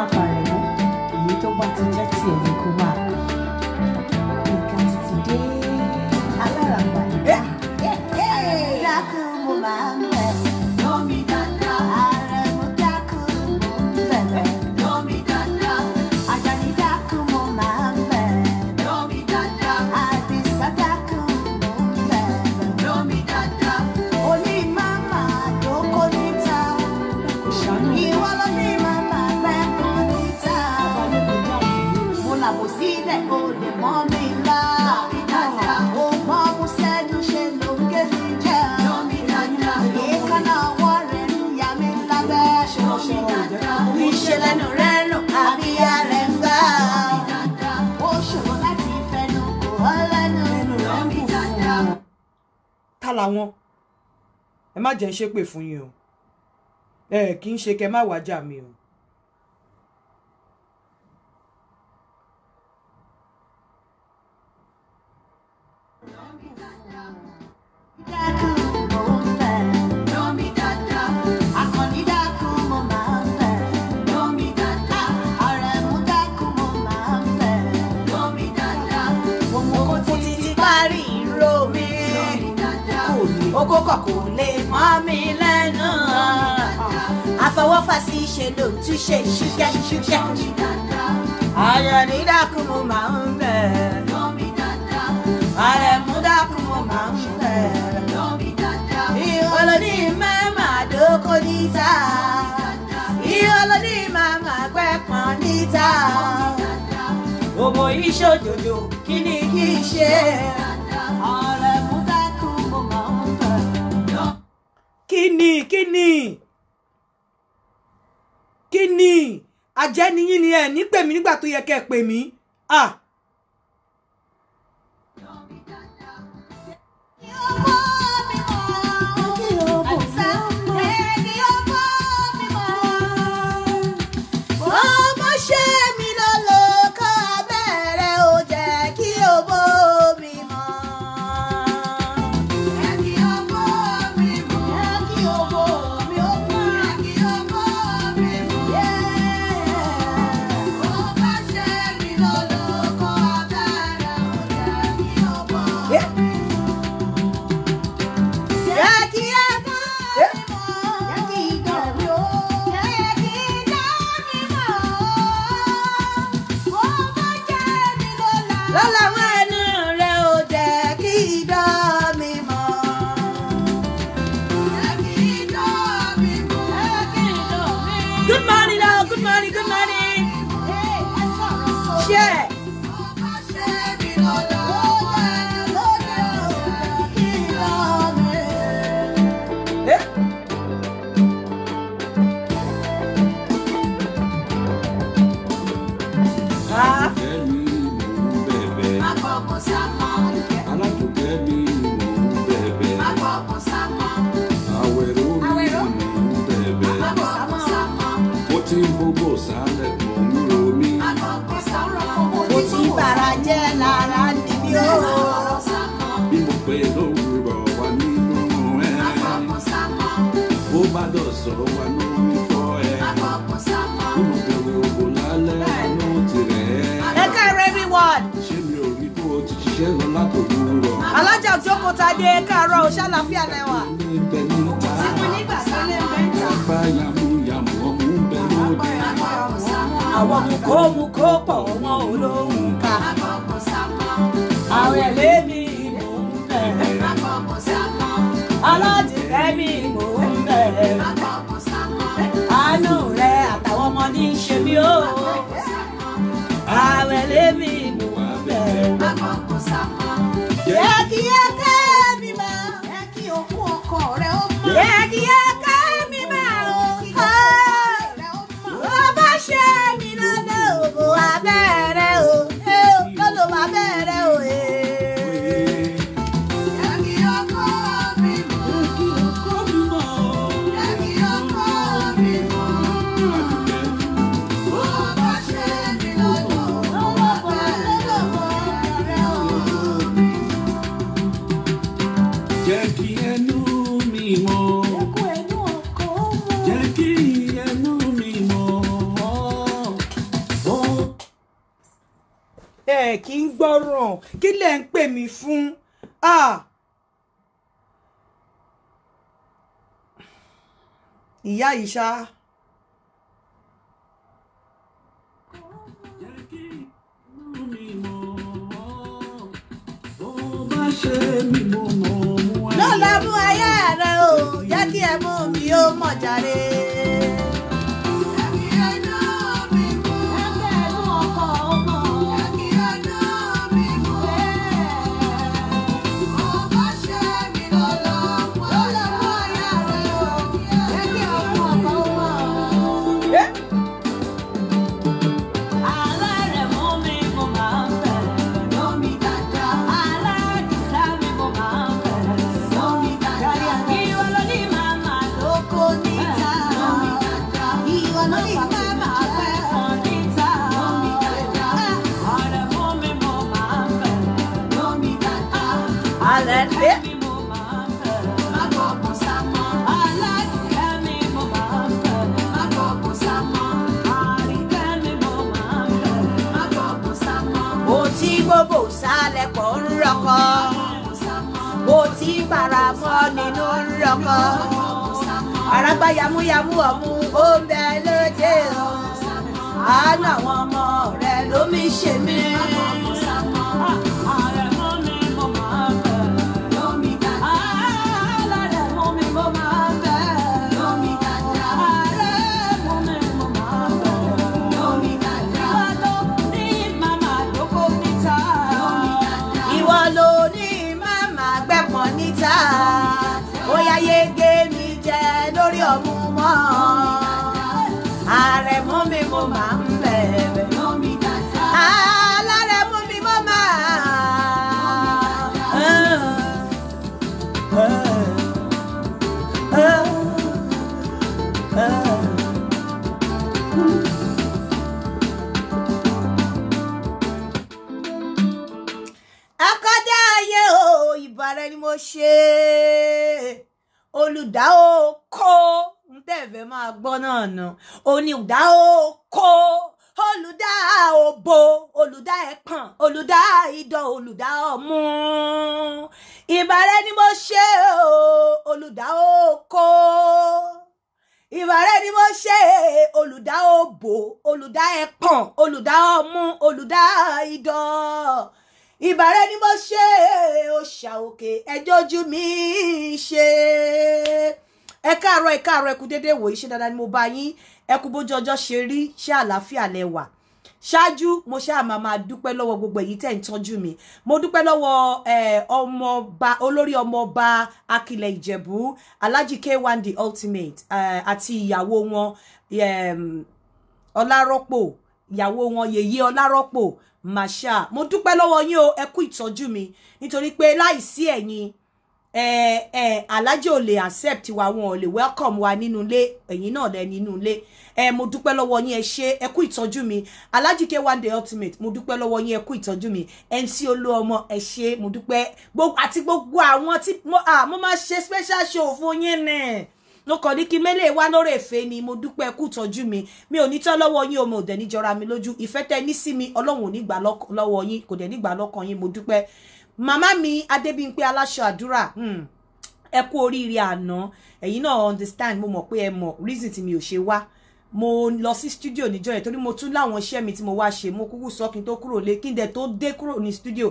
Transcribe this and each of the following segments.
má parẹ́ mọ́ èyí tó bá ti jẹ́ tiẹ̀ ni kó máa kà. lára wọn ẹ má jẹ́ ń ṣépè fún yín o ẹ kì í ṣe kẹ má wájà mi o kókó kò lè mọ́ mi lẹ́nu. àfọwọ́fàsí ṣe ló ń túṣe ṣúkẹ́ ṣúkẹ́. ayọ̀ ní dákun mo máa ń bẹ̀. ààrẹ mú dákun mo máa ń bẹ̀. ìwọlọ́ ní mẹ́mà dókó níta. ìwọlọ́ ní màmá gbẹ̀pọ̀n níta. òmò iṣẹ́ òjòjò kí ni kí n ṣe. ni kí ni kí ni àjẹ́ niyín ni ẹ̀ nípè mí nígbà tó yẹ kẹ́ ẹ pè mí ah ọ̀rọ̀ everyone. ṣé mi ò rí bó o ti ṣiṣẹ́ lọ látòkú rọ. alájà òjòkó ta dé ẹ káàárọ̀ o ṣàlàfíà lẹ́wà. tí mo nígbà sílé pọ̀ wọ́n olóhùn ká. àwọn ẹ̀lẹ́mi ìmọ̀ ń bẹ̀rẹ̀. aládìrẹ́mi ìmọ̀ àánú rẹ àtàwọn ọmọ ní í ṣe mí o. Àwẹ̀ lémi mò ń bẹ̀rẹ̀. Jẹ́ kí ẹ̀kẹ́ mi máa. Jẹ́ kí òkú ọkọ rẹ ó máa. ẹ̀ kí ń gbọ́ràn kí lẹ̀ ń pè mí fún ìyá yìí ṣá. lọ́la mú ayé rẹ o jẹ́ kí ẹ mú mi ó mọ̀ jàre. yamuyamu ọ̀mù ó ń bẹ lóde o àánú àwọn ọmọ rẹ ló mi ṣe mí. ààrẹ ni mo ṣe olùdá oko ń tẹ̀fẹ́ máa gbọ́ náà nà onídàá oko olùdá òbo olùdá ẹ̀pọ̀n olùdá idọ̀ olùdá ọ̀mú ìbàrẹ̀ ni mo ṣe o olùdá oko ìbàrẹ̀ ni mo ṣe olùdá òbo olùdá ẹ̀pọ̀n olùdá ọ̀mú olùdá idọ̀ ìbàrẹ̀ ni mo ṣe òṣà òkè ẹjọ́jú mi ṣe ẹ káàárọ̀ ẹ káàárọ̀ ẹ kú wòye ṣe dáadáa ni mo bá yín ẹ kú bójú ọjọ́ ṣe rí ṣé àlàáfíà lẹ wà ṣáájú mo ṣáà máa máa dúpẹ́ lọ́wọ́ gbogbo èyí tẹ̀ ń tọ́jú mi mo dúpẹ́ lọ́wọ́ ọmọọba olórí ọmọọba akilẹ̀ ìjẹ̀bú alhaji k1 the ultimate àti ìyàwó wọn ọlárọ́pọ̀ ìyàwó wọn yèyé ọlárọ́pọ̀ màṣá mo dúpẹ́ lọ́wọ́ yín o ẹ kú ìtọ́jú mi nítorí pé láìsí ẹ̀yin eh, eh, alájẹ ò lè accept wa wọn ò lè welcome wa nínú ilé ẹ̀yin náà lẹ nínú ilé ẹ mo dúpẹ́ lọ́wọ́ yín ẹ ṣe ẹ kú ìtọ́jú mi Alhaji K1 The Ultimate mo dúpẹ́ lọ́wọ́ yín ẹ kú ìtọ́jú mi MC Olúọmọ ẹ ṣe mo dúpẹ́ àti gbogbo àwọn tí mo máa ṣe special show fún yín nìyẹn ló kọ ní kí mélèé wá lórí èfé ni mo dúpẹ́ kú tọ́jú mi mi ò ní tán lọ́wọ́ yín ọmọ òdẹ̀ níjọra mi lójú ìfẹ́ tẹ́ ní sí mi ọlọ́run ò ní gbà lọ́wọ́ yín kò dẹ̀ ní gbà lọ́kàn yín mo dúpẹ́ màmá mi adébímpé aláṣọ àdúrà hmm. ẹ kú oríire àná ẹ̀yin náà understand mo mọ̀ pé ẹ mọ̀ reason tí mi ò ṣe wá mo lọ sí studio níjọ́ yẹn torí mo tún láwọn iṣẹ́ mi tí mo wá ṣe mo kúkú sọ kí n tó kúrò lé kí n dẹ̀ tó dé kúrò ní studio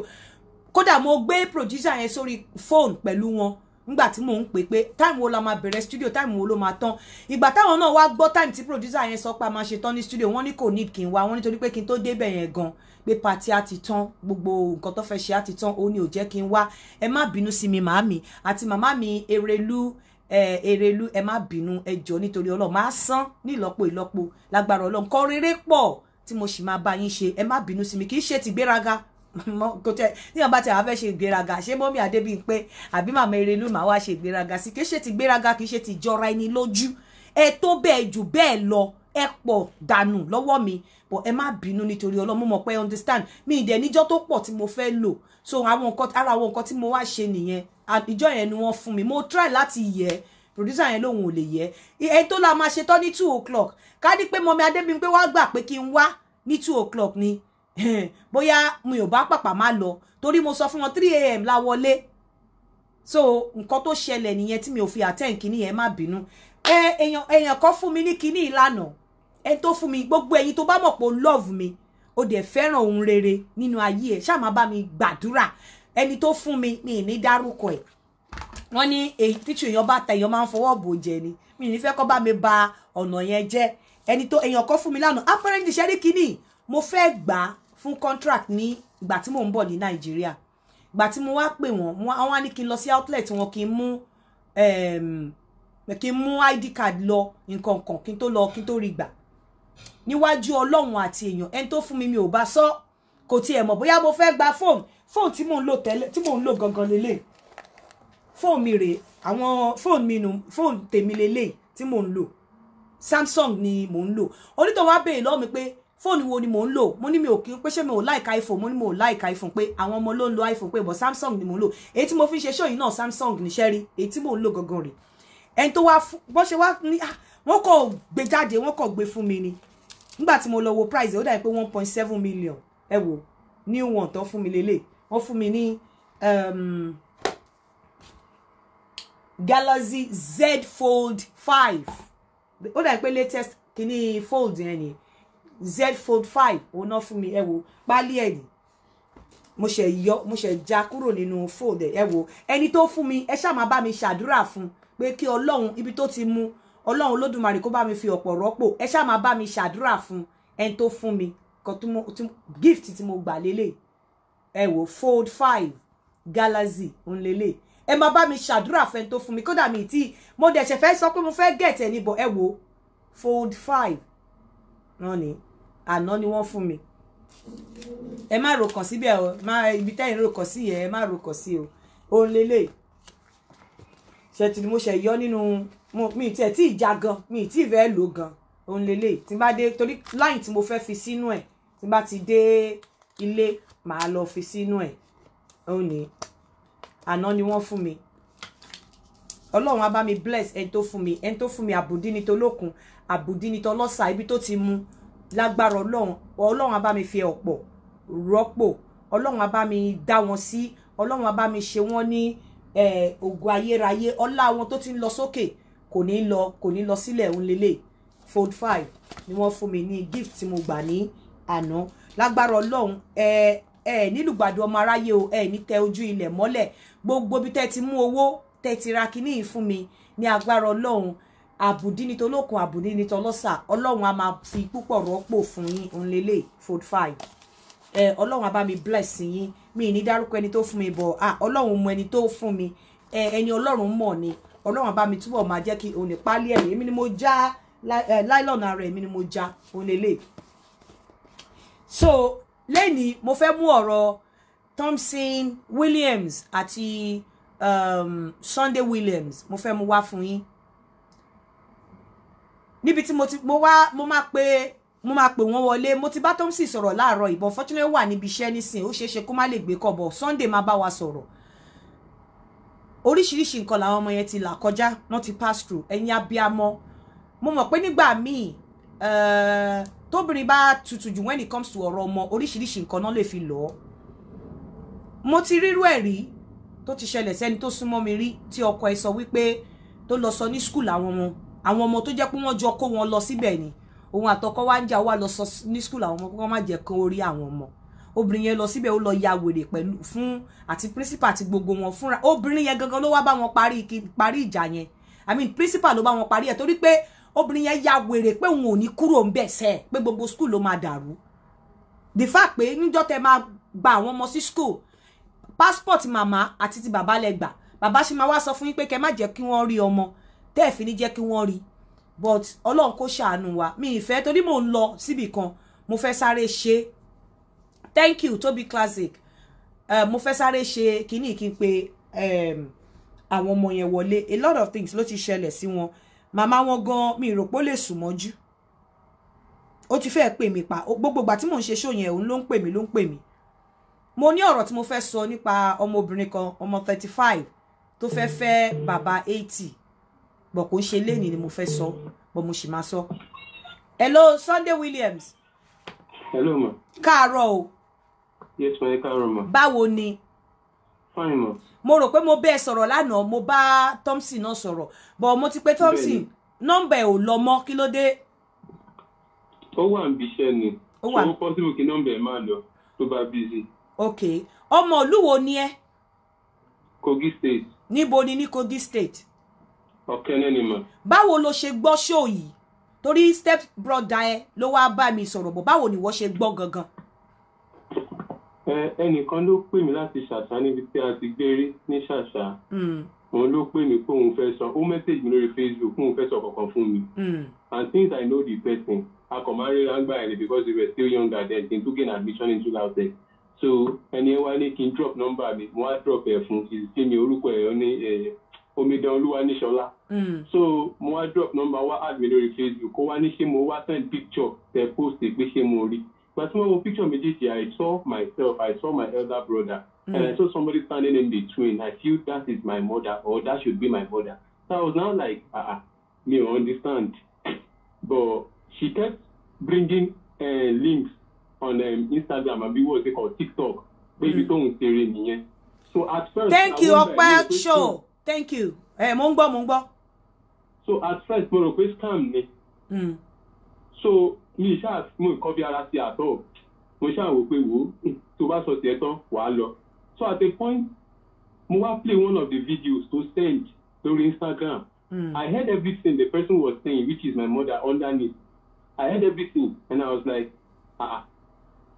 kódà mo gbé producer yẹn sórí phone pẹ̀lú wọn ngbà tí mò ń pè pé táìmù wo la máa bẹ̀rẹ̀ studio time wo ló máa tán ìgbà táwọn náà wá gbọ́ táìmù tí producer yẹn sọ pé a máa ṣe tán studio wọ́n ní kò ní kí n wá wọ́n nítorí pé kí n tó gan pé pati á ti tán gbogbo nǹkan tó fẹ́ ṣe á ti tán ó ní ò jẹ́ kí n wá ẹ má bínú sí mi màámi àti màmá mi Erelu Erelu ẹ má bínú ẹ jọ̀ọ́ nítorí Ọlọ́run máa san ní ìlọ́po ìlọ́po lágbára Ọlọ́run kọ́ rere pọ̀ tí mo sì máa bá yín ṣe ẹ má bínú sí mi kì í ṣe tìgbéraga níyàn bá ti àwọn fẹ́ ṣe ìgbéraga ṣé mọ́mí Adébímpé àbí màmá Erelu màá wá ṣe ìgbéraga sí kì í ṣe tìgbéraga kì í ṣe tìjọra ẹni lójú ẹ tó bẹ́ẹ̀ jù bẹ́ẹ̀ lọ ẹ pọ̀ dànù lọ́wọ́ mi but ẹ má bínú nítorí ọlọ́mọ mọ̀ pé understand mi ìdẹ̀ níjọ́ tó pọ̀ tí mo fẹ́ lò so àwọn nǹkan ara àwọn nǹkan tí mo wá ṣe nìyẹn ìjọ yẹn ni wọ́n fún mi mo try láti yẹ producer yẹn lòun ò lè yẹ ẹ tó la máa ṣetán ní two o'clock ká ní pé mọ́mi adébímpé wá gbà pé kí n wá ní two o'clock ni bóyá mi ò bá pàpà má lọ torí mo sọ fún wọn three a.m. la wọlé so nǹkan tó ṣẹlẹ̀ nìyẹn tí mi ò fi attend kíní yẹn má bínú ẹ èèyàn èèyàn kan fún mi ní kíní ìlànà En tó fún mi gbogbo ẹ̀yin tó bá mọ̀ pé love mi o dẹ̀ fẹ́ràn ohun rere nínú ayé ẹ̀ ṣáà máa bá mi gbàdúrà ẹni tó fún mi mi ní dárúkọ e wọ́n ní èyí tíṣù èèyàn bá ta èèyàn máa ń fọwọ́ bò ni mi ni fẹ́ kọ́ bá mi ba ọ̀nà yẹn jẹ́ ẹni tó èèyàn kọ́ fún mi lánàá apparently ṣẹ́rí kínní mo fẹ́ gbà á contract ni ìgbà tí mò ń bọ̀ ní nàìjíríà ìgbà tí mo wá pè wọ́n wọ́n á ní kí n lọ sí outlet wọn kí n mú ehm, kí n mú id card lo nǹkan kan kí n tó lọ kí n tó níwájú ọlọ́run àti èèyàn ẹni tó fún mi mi ò bá sọ kò tiẹ̀ mọ̀ bóyá mo fẹ́ gba fóònù fóònù tí mò ń lò tẹ́lẹ̀ tí mò ń lò gangan lélẹ̀ fóònù mi rèé àwọn fóònù mi nù fóònù tèmi lélẹ̀ tí mò ń lò Samsung ni mò ń lò onítọ̀ wá béèrè lọ́wọ́ mi pé fóònù wo ni mò ń lò mo ní mi ò kí pé ṣé mi ò like iPhone mo ní mi ò like iPhone pé àwọn ọmọ ló ń lo iPhone pé bọ̀ Samsung ni mò ń lò èyí tí mo fi ń ṣe ṣóyìn náà Samsung níṣẹ́ rí èyí tí mò ń lò gangan rèé ẹni tó wá bọ́ ṣe wá ní ah, wọ́n kò gbé jáde wọ́n kò gbé fún mi ni nígbà tí mo lọ wo price ó dàbí pé one point seven million ẹ wò new one tó fún mi lélẹ̀ wọ́n fún mi ní um, Galaxy Z Fold five ó dàbí pé latest kìíní fold yẹn ni Z Fold five òun náà fún mi ẹ wò pálí ẹ̀ ni mo ṣe yọ mo ṣe já kúrò nínú fold ẹ wò ẹni tó fún mi ẹ ṣáà máa bá mi ṣàdúrà fún pé kí Ọlọ́run ibi tó ti mú ọlọ́run olódùmarè kó bá mi fi ọ̀pọ̀ rọ́pò ẹ ṣáà máa bá mi ṣàdúrà fún ẹni tó fún mi gift tí mo gbà lélẹ̀ ẹ wò fold five galaxy òun lélẹ̀ ẹ máa bá mi ṣàdúrà fún ẹni tó fún mi kódà mi tí mo dẹ̀ ṣe fẹ́ sọ pé mo fẹ́ gẹ̀tẹ̀ níbọ̀ ẹ wò fold five náà ni àná ni wọ́n fún mi ẹ má rò kàn síbẹ̀ o ibi tẹ́yìn rò kàn sí yẹn ẹ má rò sí o òun lélẹ̀ ṣe ti mo ṣe yọ nínú mi ì tiẹ̀ tí ì gan mi ì tí ì fẹ́ lò gan òun lélẹ̀ tí n bá dé torí láyìn tí mo fẹ́ fi sínú ẹ̀ tí n bá ti dé ilé màá lọ fi sínú ẹ̀ òun ni àná ni wọ́n fún mi ọlọ́run á bá mi bless ẹni tó fún mi ẹni tó fún mi àbùdí ni tolókun àbùdí ni tọlọ́sà ibi tó ti mu lágbára ọlọ́run ọlọ́run á bá mi fi ọ̀pọ̀ rọ́pò ọlọ́run á bá mi dá wọn sí ọlọ́run á bá mi ṣe wọ́n ní. Ni ògo ayérayé ọlá wọn tó ti ń lọ sókè kò ní lọ kò ní lọ sílẹ̀ òun fold five ni wọ́n fún mi ní gift tí mo gbà ní àná lágbára ọlọ́run ẹ ẹ nílùgbàdo ọmọ aráyé o ẹ ní tẹ ojú ilẹ̀ mọ́lẹ̀ gbogbo bí tẹ́ ti mú owó tẹ́ ti ra kíní yìí fún mi ní agbára ọlọ́run àbùdí ni tolókun àbùdí ni tọlọ́sà ọlọ́run a máa fi púpọ̀ rọ́pò fún yín òun fold five ẹ ọlọ́run a bá mi bless yín mi ní dárúkọ ẹni tó fún mi bọ̀ ah ọlọ́run mọ ẹni tó fún mi ẹni ọlọ́run mọ̀ ni ọlọ́run bá mi túbọ̀ máa jẹ́ kí òun ìpálí ẹ̀mí èmi ni mo já láìlọ́nà ara èmi ni mo já òun lélẹ̀ so lẹ́ni mo fẹ́ mú ọ̀rọ̀ Thompson Williams àti um, Sunday Williams mo fẹ́ mú wá fún yín níbi tí mo ti mo wá mo máa pe mo máa pè wọ́n wọlé mo ti bá Tómsì sọ̀rọ̀ láàárọ̀ ìbọn fortunately wà níbi iṣẹ́ nísìn ó ṣeéṣe kó má lè gbé kọ̀bọ̀ Sunday máa bá wa sọ̀rọ̀ oríṣiríṣi nǹkan làwọn ọmọ yẹn ti là kọjá wọ́n ti pass through ẹ̀yin abiamọ mo mọ̀ pé nígbà míì eh, tóbìnrin bá tutù jù when it comes to ọ̀rọ̀ ọmọ oríṣiríṣi nǹkan náà lè fi lọ mo ti rírú ẹ̀ rí tó ti ṣẹlẹ̀ sẹ́ni tó súnmọ́ mi rí tí ọkọ ẹ̀ sọ wípé tó lọ sọ ní skul àwọn ọmọ àwọn ọmọ tó jẹ́ pé wọ́n jọ kó wọn lọ síbẹ̀ ni òun àtọkọ wá ń jà ó wá lọ sọ ní skul àwọn ọmọ kó má jẹ́ kán orí àwọn ọmọ obìnrin yẹn lọ síbẹ̀ ó lọ ya wèrè pẹ̀lú fún àti principal àti gbogbo wọn fúnra obìnrin yẹn gangan ló wá bá wọn parí parí ìjà yẹn i mean principal ló bá wọn parí ẹ̀ torí pé obìnrin yẹn ya wèrè pé òun ò ní kúrò ń bẹ̀ sẹ́ pé gbogbo skul ló máa dàrú the fact pé níjọ́ tẹ máa gba àwọn ọmọ sí skul passport màmá àti ti bàbá lẹ gbà bàbá ṣe máa wá sọ fún yín pé kẹ má jẹ́ kí wọ́n rí ọmọ tẹ́ẹ̀ fi ní jẹ́ kí wọ́n rí i but ọlọ́run kó ṣàánú wa mi ìfẹ́ torí mò ń lọ síbì kan mo fẹ́ sáré ṣe thank you Tobi Classic uh, mo fẹ́ sáré ṣe kíní kí n pe ehm, àwọn ọmọ yẹn wọlé a lot of things ló ti ṣẹlẹ̀ sí wọn màmá wọn gan mi rò pé ó lè sùn mọ́jú ó ti fẹ́ẹ́ pè mí pa gbogbo ìgbà tí mò ń ṣe ṣó yẹn òun ló ń pè mí ló ń pè mí mo ní ọ̀rọ̀ tí mo fẹ́ sọ nípa ọmọbìnrin kan ọmọ thirty five tó fẹ́ fẹ́ bàbá eighty bọ̀ kò ṣe léènì ni mo fẹ́ sọ bọ̀ mo sì máa sọ. hello Sunday Williams. hello ma. káàárọ̀ o. yes ma ẹ káàárọ̀ ma. báwo ni. fine ma. mo rò pé mo bẹ́ẹ̀ sọ̀rọ̀ lánàá mo bá Thompson náà sọ̀rọ̀ bọ̀ mo ti pé Thompson nọ́mbà ẹ̀ ò lọ mọ́ kí ló dé. ó wà níbi iṣẹ́ ni. ó wà níbi iṣẹ́ ni. owó pọ́sibú kí nọ́mbà ẹ̀ máa lọ tó bá bízì. ok ọmọ ìlú wo ni ẹ. Kogi State. níbo ni ní Kogi State ọ̀kẹ́ ní ni mà. báwo lo ṣe gbọ́ ṣó yìí torí step brother ẹ ló wáá bá mi sọ̀rọ̀ bọ̀ báwo ni wọ́n ṣe gbọ́ gangan. ẹnìkan ló pè mí láti ṣàṣà níbi tí a ti gbé rí ní ṣàṣà hmm. òun ló pè mí pé òun fẹ́ sọ ó mẹ́sẹ̀jì mi lórí facebook pé òun fẹ́ sọ kankan fún mi hmm. and since i know the person a kò máa ń ríra ẹni because we were still young at then to gain admission into lautech so ẹni ẹ wá ní kí n drop number mi mo wá drop ẹ fún kì í sí mi orúkọ ẹ ní eh, omidan olúwa níṣọlá. Hmm. so mo wá drop number wá add mi lórí facebook kó wá ní ṣé mo wá send picture tẹ post pé ṣé mo rí ìgbà tí wọ́n picture méjèèjì i saw myself i saw my elder brother mm. and i saw somebody standing in between i feel that is my mother or that should be my mother so i was now like ah ah -uh, me understand but she kept bringing uh, links on um, Instagram àbí what they call TikTok pé ibi hmm. tóun ṣeré nìyẹn. so at first thank you ọpẹ show thank you ẹ eh, mo ń gbọ́ mo ń gbọ́. so at first mo rò pé scam ni. Hmm. so mi ṣáà mo nǹkan bí ara sí àtọ̀ mo ṣáà wò pé wò ó tó bá sọ tiẹ̀ tán wàá lọ so at a point mo wá play one of the videos to send lórí Instagram mm. I heard everything the person was saying which is my mother underneath I heard everything and I was like ah, ah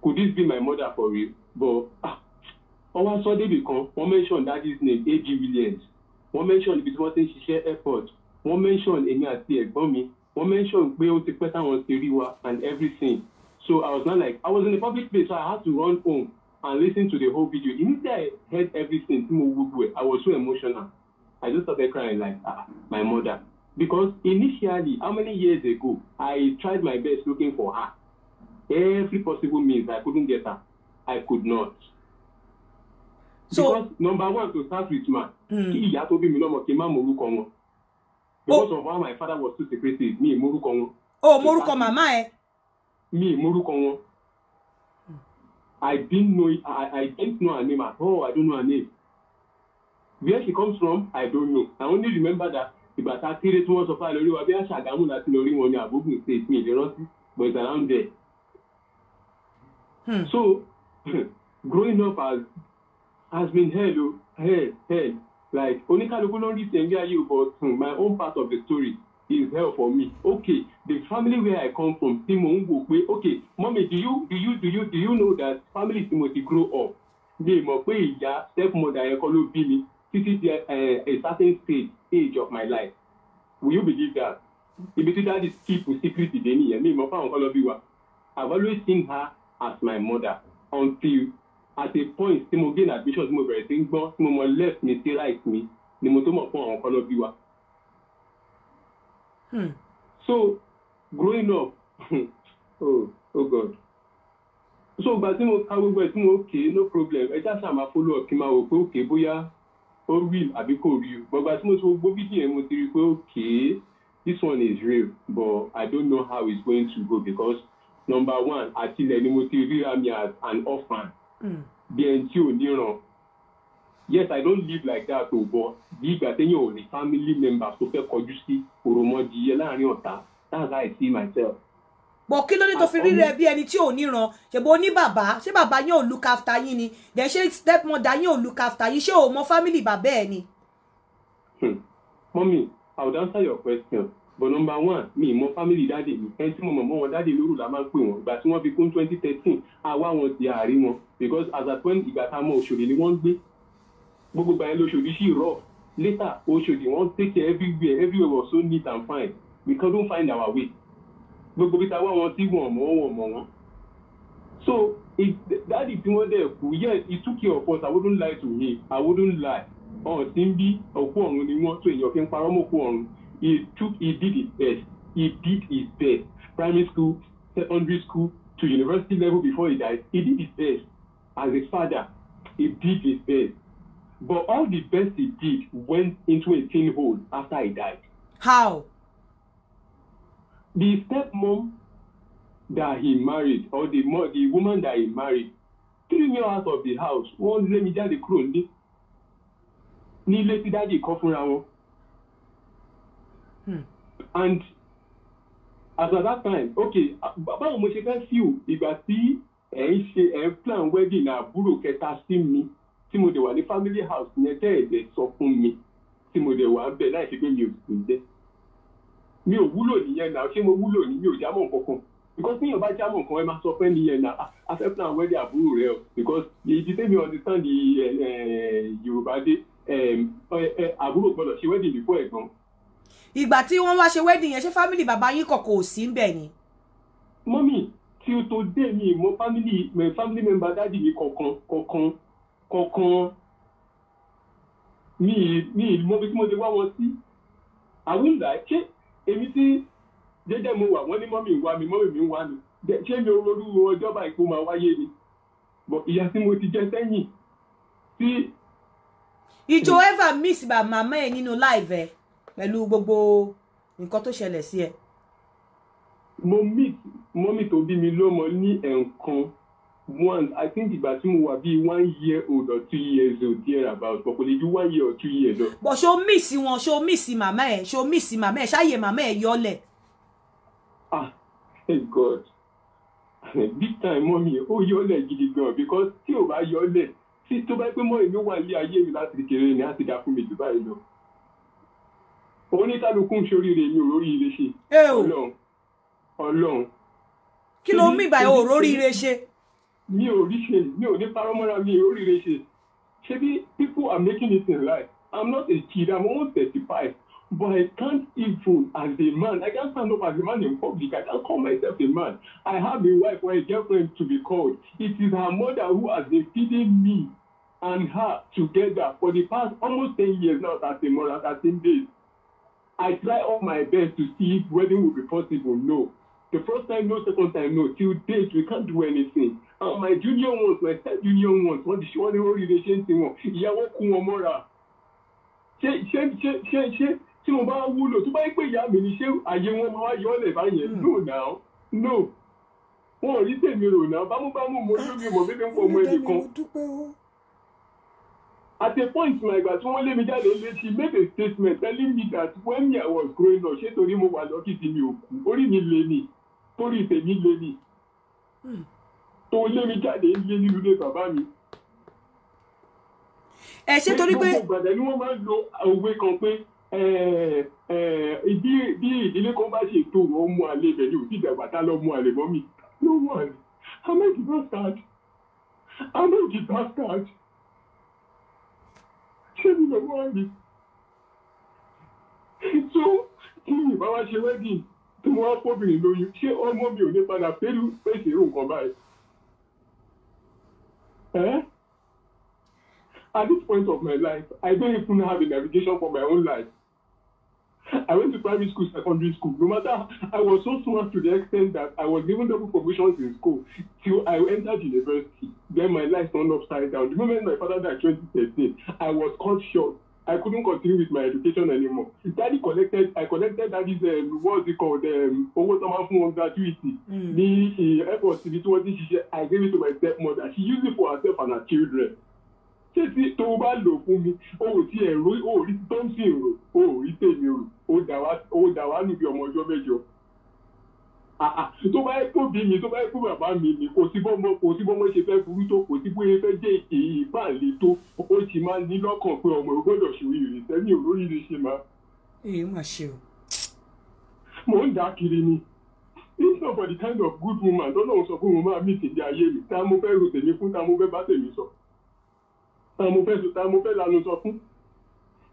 could this be my mother for real but ah ọwọ́ sọ débi kan wọ́n mention daddy's name A.G. Williams wọ́n mention ibi tí wọ́n ti ń ṣiṣẹ́ airport wọ́n mention èmi àti ẹ̀gbọ́n mi wọ́n mention pé ó ti pẹ́ táwọn ti rí wa and everything so I was not like I was in a public place so I had to run home and listen to the whole video immediately I heard everything tí mo gbogbo ẹ̀ I was so emotional I just started crying like ah my mother because initially how many years ago I tried my best looking for her every possible means I couldn't get her I could not so because number one to start with ma hmm. kí ìyá tó bí mi lọ́mọ kí n má mọ wọn oh. because of how my father was too secretive Me, mọ orúkọ wọn. o mọ orúkọ màmá ẹ. mi mọ wọn i didn't know i i didn't know her name at all i don't know her name where she comes from i don't know i only remember that ìgbà tá a kéré tí wọ́n sọ fáwọn lórí wa bí àṣàgámù láti lórí wọn ni àbógun state mi ìlera sí but it's around there. Hmm. so growing up as has been hell o hell hell like oníkálukú ló ń rí tẹ̀lé ayé o but um, my own part of the story is hell for me okay the family where I come from tí mo ń wò pé okay mommy do you do you do you do you know that family tí mo ti grow up mi mọ̀ pé ìyá stepmother yẹn kọ́ ló bí mi títí di eh, a certain stage age of my life will you believe that ibi tí dáàdi keep secret dé nìyẹn mi mọ̀ fáwọn kọ́ lọ bí wa I have always seen her as my mother until at a point tí mo gain admission tí mo bẹ̀rẹ̀ sí ń gbọ́ tí mo mọ left mi sí right mi ni mo tó mọ̀ fún àwọn kan lọ́bí wa. Hmm. so growing up oh, oh god so ìgbà tí mo ka gbogbo ẹ̀ tí mo kè é no problem ẹ já sàmà follow up kí n máa wò pé òkè bóyá ó real àbí kò real gbọ̀gbà tí mo ti gbogbo fídíò yẹn mo ti rí i pé òkè this one is real but I don't know how it's going to go because number one àtìlẹ̀ ni mo ti ríra mi as an orphan Hmm. bí ẹni tí ò níran yes i don't live like that o but bí ìgbà téèyàn ò ní family members tó fẹ́ kọjú sí òròmọdìyẹ láàrin ọ̀tá that's how i see myself. bọ̀ kí ló dé tó fi rí rẹ bí ẹni tí ò níran ṣèbó ní bàbá ṣé bàbá yín ò look after yín ni then ṣé stepmother yín ò look after yín ṣé o mọ family bàbá ẹ ni. mọ́mí i would answer your question but number one mi mọ family dáde mi ẹni tí mo mọ̀ mọ́ wọn dáde lóru la máa ń pè wọ́n ìgbà tí wọ́n fi kún twenty thirteen àwa wọn ti àárí wọn because as at when ìgbà tá a mọ Òṣòdì ni wọ́n ń gbé gbogbo gbà yẹn lóṣòdì sí rọ later Òṣòdì wọ́n take care everywhere everywhere was so neat and fine we couldn't find our way gbogbo bí ta wá wọn tí wọn mọ̀ wọn mọ̀ wọn so dáàdì tí wọ́n dẹ̀ kú yẹ ìtúkì ọ̀pọ̀ I wouldn't lie to him I wouldn't lie ọ̀sìn bí òkú ọ̀run ni wọ́n tó èèyàn fi ń parọ́ He took, he did his best. He did his best. Primary school, secondary school, to university level before he died. He did his best as a father. He did his best. But all the best he did went into a tin hole after he died. How? The stepmom that he married or the mo the woman that he married threw me out of the house wọ́n lé mi jáde kúrò nílé nílé tí dáàdi kọ́ fúnra wọn Hmm. And as at that time okay báwo mo ṣe fẹ́ fíò ìgbà tí ẹ̀ ń ṣe ẹ̀ ń plan wedding àbúrò kẹta sí mi tí mo dẹ̀ wà ní family house yẹn tẹ́ ẹ̀ dẹ̀ sọ fún mi tí mo dẹ̀ wà ń bẹ̀ láì ṣe pé mi ò sì jẹ́ mi ò wúlò nìyẹn náà ṣé mo wúlò ní mi ò jámọ̀ kankan because tí èèyàn bá jámọ̀ kan ẹ máa sọ fẹ́ nìyẹn náà ah, a fẹ́ plan wedding àbúrò rẹ o because ìdí tẹ́mi understand eh, eh, Yorùbá dé eh, àbúrò gbọ́dọ̀ ṣe wedding before ẹ̀gbọ́n ìgbà tí wọ́n wá ṣe wedding yẹn ṣé family bàbá yín kọ̀kọ̀ ò sí ńbẹ̀ ni. mọ́mì tí o tó dé mi mọ family my family member dáàdì mi kọ̀ọ̀kan kọ̀ọ̀kan kọ̀ọ̀kan mi mi mo bí mo ti wá wọn sí àwùjọ ṣé èmi tí jẹ́jẹ́ mo wà wọ́n ní mọ́mì ń wá mi mọ́mì mi ń wá mi ṣé mi ò lórú ọjọ́ báyìí kó máa wáyé ni ìyá tí mo ti jẹ sẹ́yìn tí. ìjọ ever miss bàbá mama ẹ nínú láìvẹ́ pẹ̀lú gbogbo nǹkan tó ṣẹlẹ̀ sí ẹ. mo meet mọ́mì tó bí mi lọ́mọ ní ẹ̀ẹ̀kan one i think ìgbà tí mo wà bíi one year old or two years old there about but kò lè ju one year or two years lọ. bọ̀ ṣó miss wọn ṣó miss màmá ẹ̀ ṣó miss màmá ẹ̀ ṣáàyè màmá ẹ̀ yọlẹ̀. ah thank god big time mọ́mì ó yọlẹ̀ gidi gan because tí ò bá yọlẹ̀ tí tó bá pẹ́ mọ́ èmi wà ní ayé mi láti kékeré ni á ti dá fún mi jù báyìí lọ oníkálukú ń ṣoríire mi ò róríire ṣe. ọlọ́run ọlọ́run. kí ló ń mì báyìí ò róríire ṣe. mi ò rí ṣe mi ò ní parọ́mọ́ra mi ò róríire ṣe ṣebí people are making it in life i'm not a kid i'm almost thirty-five but i can't even as a man i can't stand up as a man in public i can't call myself a man i have a wife or a girlfriend to be called it is her mother who has been feeding me and her together for the past almost ten years now thirteen months and thirteen days I try all my best to see if wedding will be possible. No. The first time, no. Second time, no. Till date, we can't do anything. And uh, my junior ones, my third junior ones, wọ́n ti ṣe wọ́n ní wọ́n relation ti wọn. Ìyàwó kun wọn mọ́ra. Ṣé ṣé ṣé ṣé ṣé tí bá wúlò tó bá yẹ pé ìyá mi ni ṣé àyè wọn máa yọ ọ́ lẹ̀ báyẹn? Hmm. No now. No. Wọ́n rí tèmi rò náà. Bámúbámú mo lómi mọ̀ bébí ń pọ̀ mọ́ ẹnìkan. At a point, my God, wọ́n lé mi jáde lé she made a statement telling me that when I was growing up, ṣé torí mo wà lọ́kì tí mi ò kú, orí mi lé mi, torí tèmi lé mi. Hmm. Tó lé mi jáde lé nínú ilé bàbá mi. Ẹ ṣé torí pé. Gbogbo ìgbàdàn ni wọ́n máa ń lo òwe kan pé bí ìdílé kan bá ṣètò wọn mú àlè ibẹ̀ ni ò sì dàgbà tá lọ mú àlè mọ́ mi. No one, I'm not the bastard. I'm not the bastard ṣé mi pẹ̀lú àmì tó kí ni ìbá wa ṣe wẹ́dì tí mo wá pọ́bìnrin lóyún ṣé ọmọ mi ò ní padà pẹ̀lú pèsè irú báyìí. At this point of my life, I don't even have a navigation for my own life. I went to primary school, secondary school. No matter, I was so smart to the extent that I was given double promotions in school till I entered university. Then my life turned upside down. The moment my father died in 2013, I was cut short. I couldn't continue with my education anymore. Daddy collected, I collected daddy's, um, what's it called, um, owó tó máa ń fún wọn gratuity. Hmm. Ní eh, airport, ibi tí I gave it to my stepmother. She used it for herself and her children ṣé tí tó o bá lò fún mi o ò tí ẹ̀ o ò rí tó ń sìn rò o ò rí tèmi rò o dà wá níbi ọmọ ọjọ́ mẹ́jọ tó bá yẹ kó bí mi tó bá yẹ kó bàbá mi ni kò sí bọ́mọ kò sí bọ́mọ ṣe fẹ́ burú tó kò sí bóyá fẹ́ jẹ́ èyí ìbàlẹ̀ tó ó ti máa ní lọ́kàn pé ọmọ gbọ́dọ̀ ṣòwò ìrìnsẹ́ ní olórí ni ṣe máa. èyí mà ṣe o. mo ń dá kiri ni it's not for the kind of good woman lọ́nà sọ fún mi máa mí tèmi ayé mi tá mo fẹ́ ro tèmi fún tá mo fẹ́ bá tèmi sọ àwọn mo fẹ́ sùtà mo fẹ́ sọ fún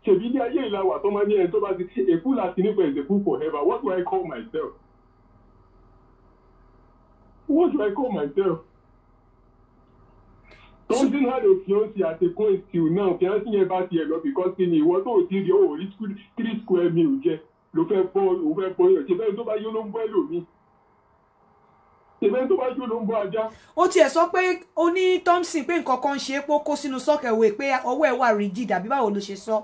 ṣèbí ní ayé ìlàwà tó máa ní ẹni tó bá ti èkú láti nípa ẹ̀sẹ̀ forever what do I call myself what do I call myself something had a fiance at a point till now fiance yẹn bá tiẹ̀ lọ because kí ni ìwọ tó o ti rí o rí three square meal jẹ ló fẹ́ bọ́ ló fẹ́ bọ́ yọ̀ ṣe fẹ́ tó bá yọ ló ń bọ́ ẹlòmíì ìbẹ́ tó bá jù ń bọ́ ajá. ó tiẹ̀ sọ pé ó ní Thompson pé nǹkan kan ṣe é pé kó sínú sọ́kẹ̀wé pé ọwọ́ ẹ̀ wà rigid àbí báwo ló ṣe sọ.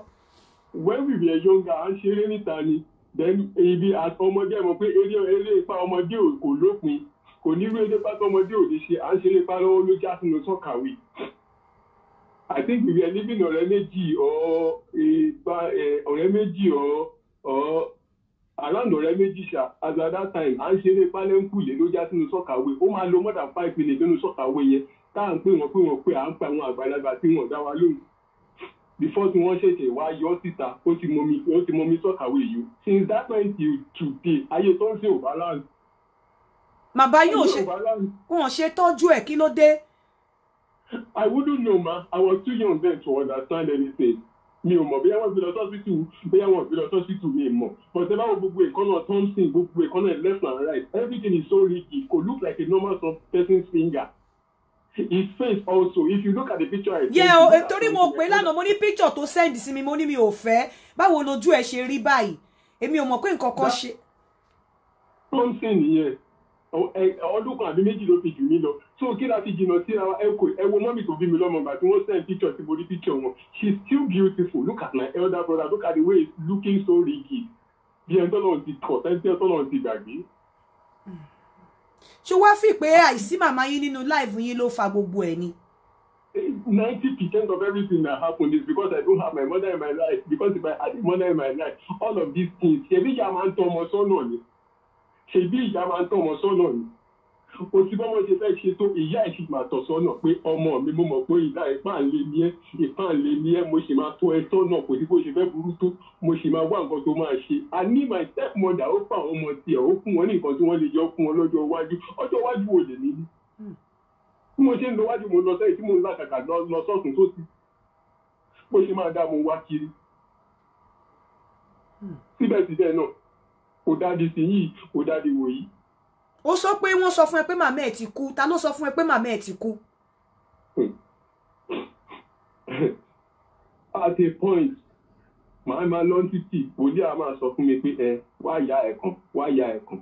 when we were younger à ń ṣeré níta ni then ibi ọmọdé mọ̀ pé eré eré ipa ọmọdé kò lópin kò nírú eré ipa tó ọmọdé ò lè ṣe à ń ṣeré ipa lọ́wọ́ ló já sínú sọ́kàwé. I think we were living ọ̀rẹ́ méjì ọ̀ eh, eh, ọ̀rẹ́ méjì ọ̀ around ọ̀rẹ́ méjì ṣá as at that time à ń ṣeré pálẹ́ǹkùlé ló já sínú sọ́kàwé ó máa lo more than five minutes nínú sọ́kàwé yẹn tá à ń pè wọ́n pé wọ́n pé à ń pa àwọn àgbàlagbà tí wọ́n dá wa lóhùn before tí wọ́n ṣẹ̀ṣẹ̀ wá yọ síta ó ti mọmi ó ti mọmi sọ́kàwé yìí since that time till today ayé tó ń ṣe ò balance. màbá yóò ṣe wọn ṣe tọ́jú ẹ̀ kí ló dé. I wouldn't know ma I was too young then to understand anything mi ò mọ̀ bóyá wọ́n gbìlọ̀ sọ́sítù bóyá wọ́n gbìlọ̀ sọ́sítù mi mọ̀ but ẹ bá wo gbogbo ìkọ́nà thompson gbogbo ìkọ́nà left and right everything is so rigid kò look like a normal person's finger his face also if you look at the picture. yẹ o oh, eh, torí mo pè lánàá mo ní picture to send sí mi mo ní mi ò fẹ́ báwo lójú ẹ ṣe rí báyìí èmi ò mọ̀ pé nǹkan kan ṣe. thompson nìyẹn ọdún kan àbí méjì ló fi jù mí lọ so kí la fi jìnnà síra ẹ kò ẹ wo mọ́mì tó bí mi lọ́mọ gbà tí wọ́n send picture sí borí picture wọn she is still beautiful look at my elder brother look at the way he is looking so rigid bí ẹni tọ́lọ́ ti kọ̀ sẹ́ńtì tọ́lọ́ ti gbàgbé. ṣé wàá fi pé àìsí màmá yín nínú láìfù yín ló fa gbogbo ẹ̀ ni. ninety percent of everything that happened is because I don't have my mother in my life because if I had my mother in my life all of these things ṣebí ìyá máa ń tọ́ ọmọ sọ́nà ni ṣe bí ìyá máa ń tọ́ wọn sọ́nà ni o ti bọ́mọ ṣe fẹ́ ṣe tó ìyá ẹ̀ sì máa tọ̀ sọ́nà pé ọmọ mi mo mọ̀ pé ìlà ìpá ń lé ní ẹ́ ìpá ń lé ní ẹ́ mo sì máa tọ́ ẹ sọ́nà kò sí bó ṣe fẹ́ burú tó mo sì máa wá nǹkan tó máa ṣe a ní my step mother ó fà ọmọ tiẹ̀ ó fún wọn ní nǹkan tí wọ́n lè jọ fún wọn lọ́jọ́ iwájú ọjọ́ iwájú wo lè nílí bí mo ṣe ń lọ wájú mo lọ sẹ́yìn tí mo ń làkàkà lọ sọ́tún tó ti bó ṣe máa dá mo wá kiri hmm. síbẹ̀síbẹ̀ náà kò dáàdi sí yìí kò dáàdi wò yìí. ó sọ pé wọ́n sọ fún ẹ pé màmá ẹ̀ ti kú ta ló sọ fún ẹ pé màmá ẹ̀ ti kú. at a point màá máa lọ títì wòlíì a máa sọ fún mi pé ẹ wá ya ẹ kàn wá ya ẹ kàn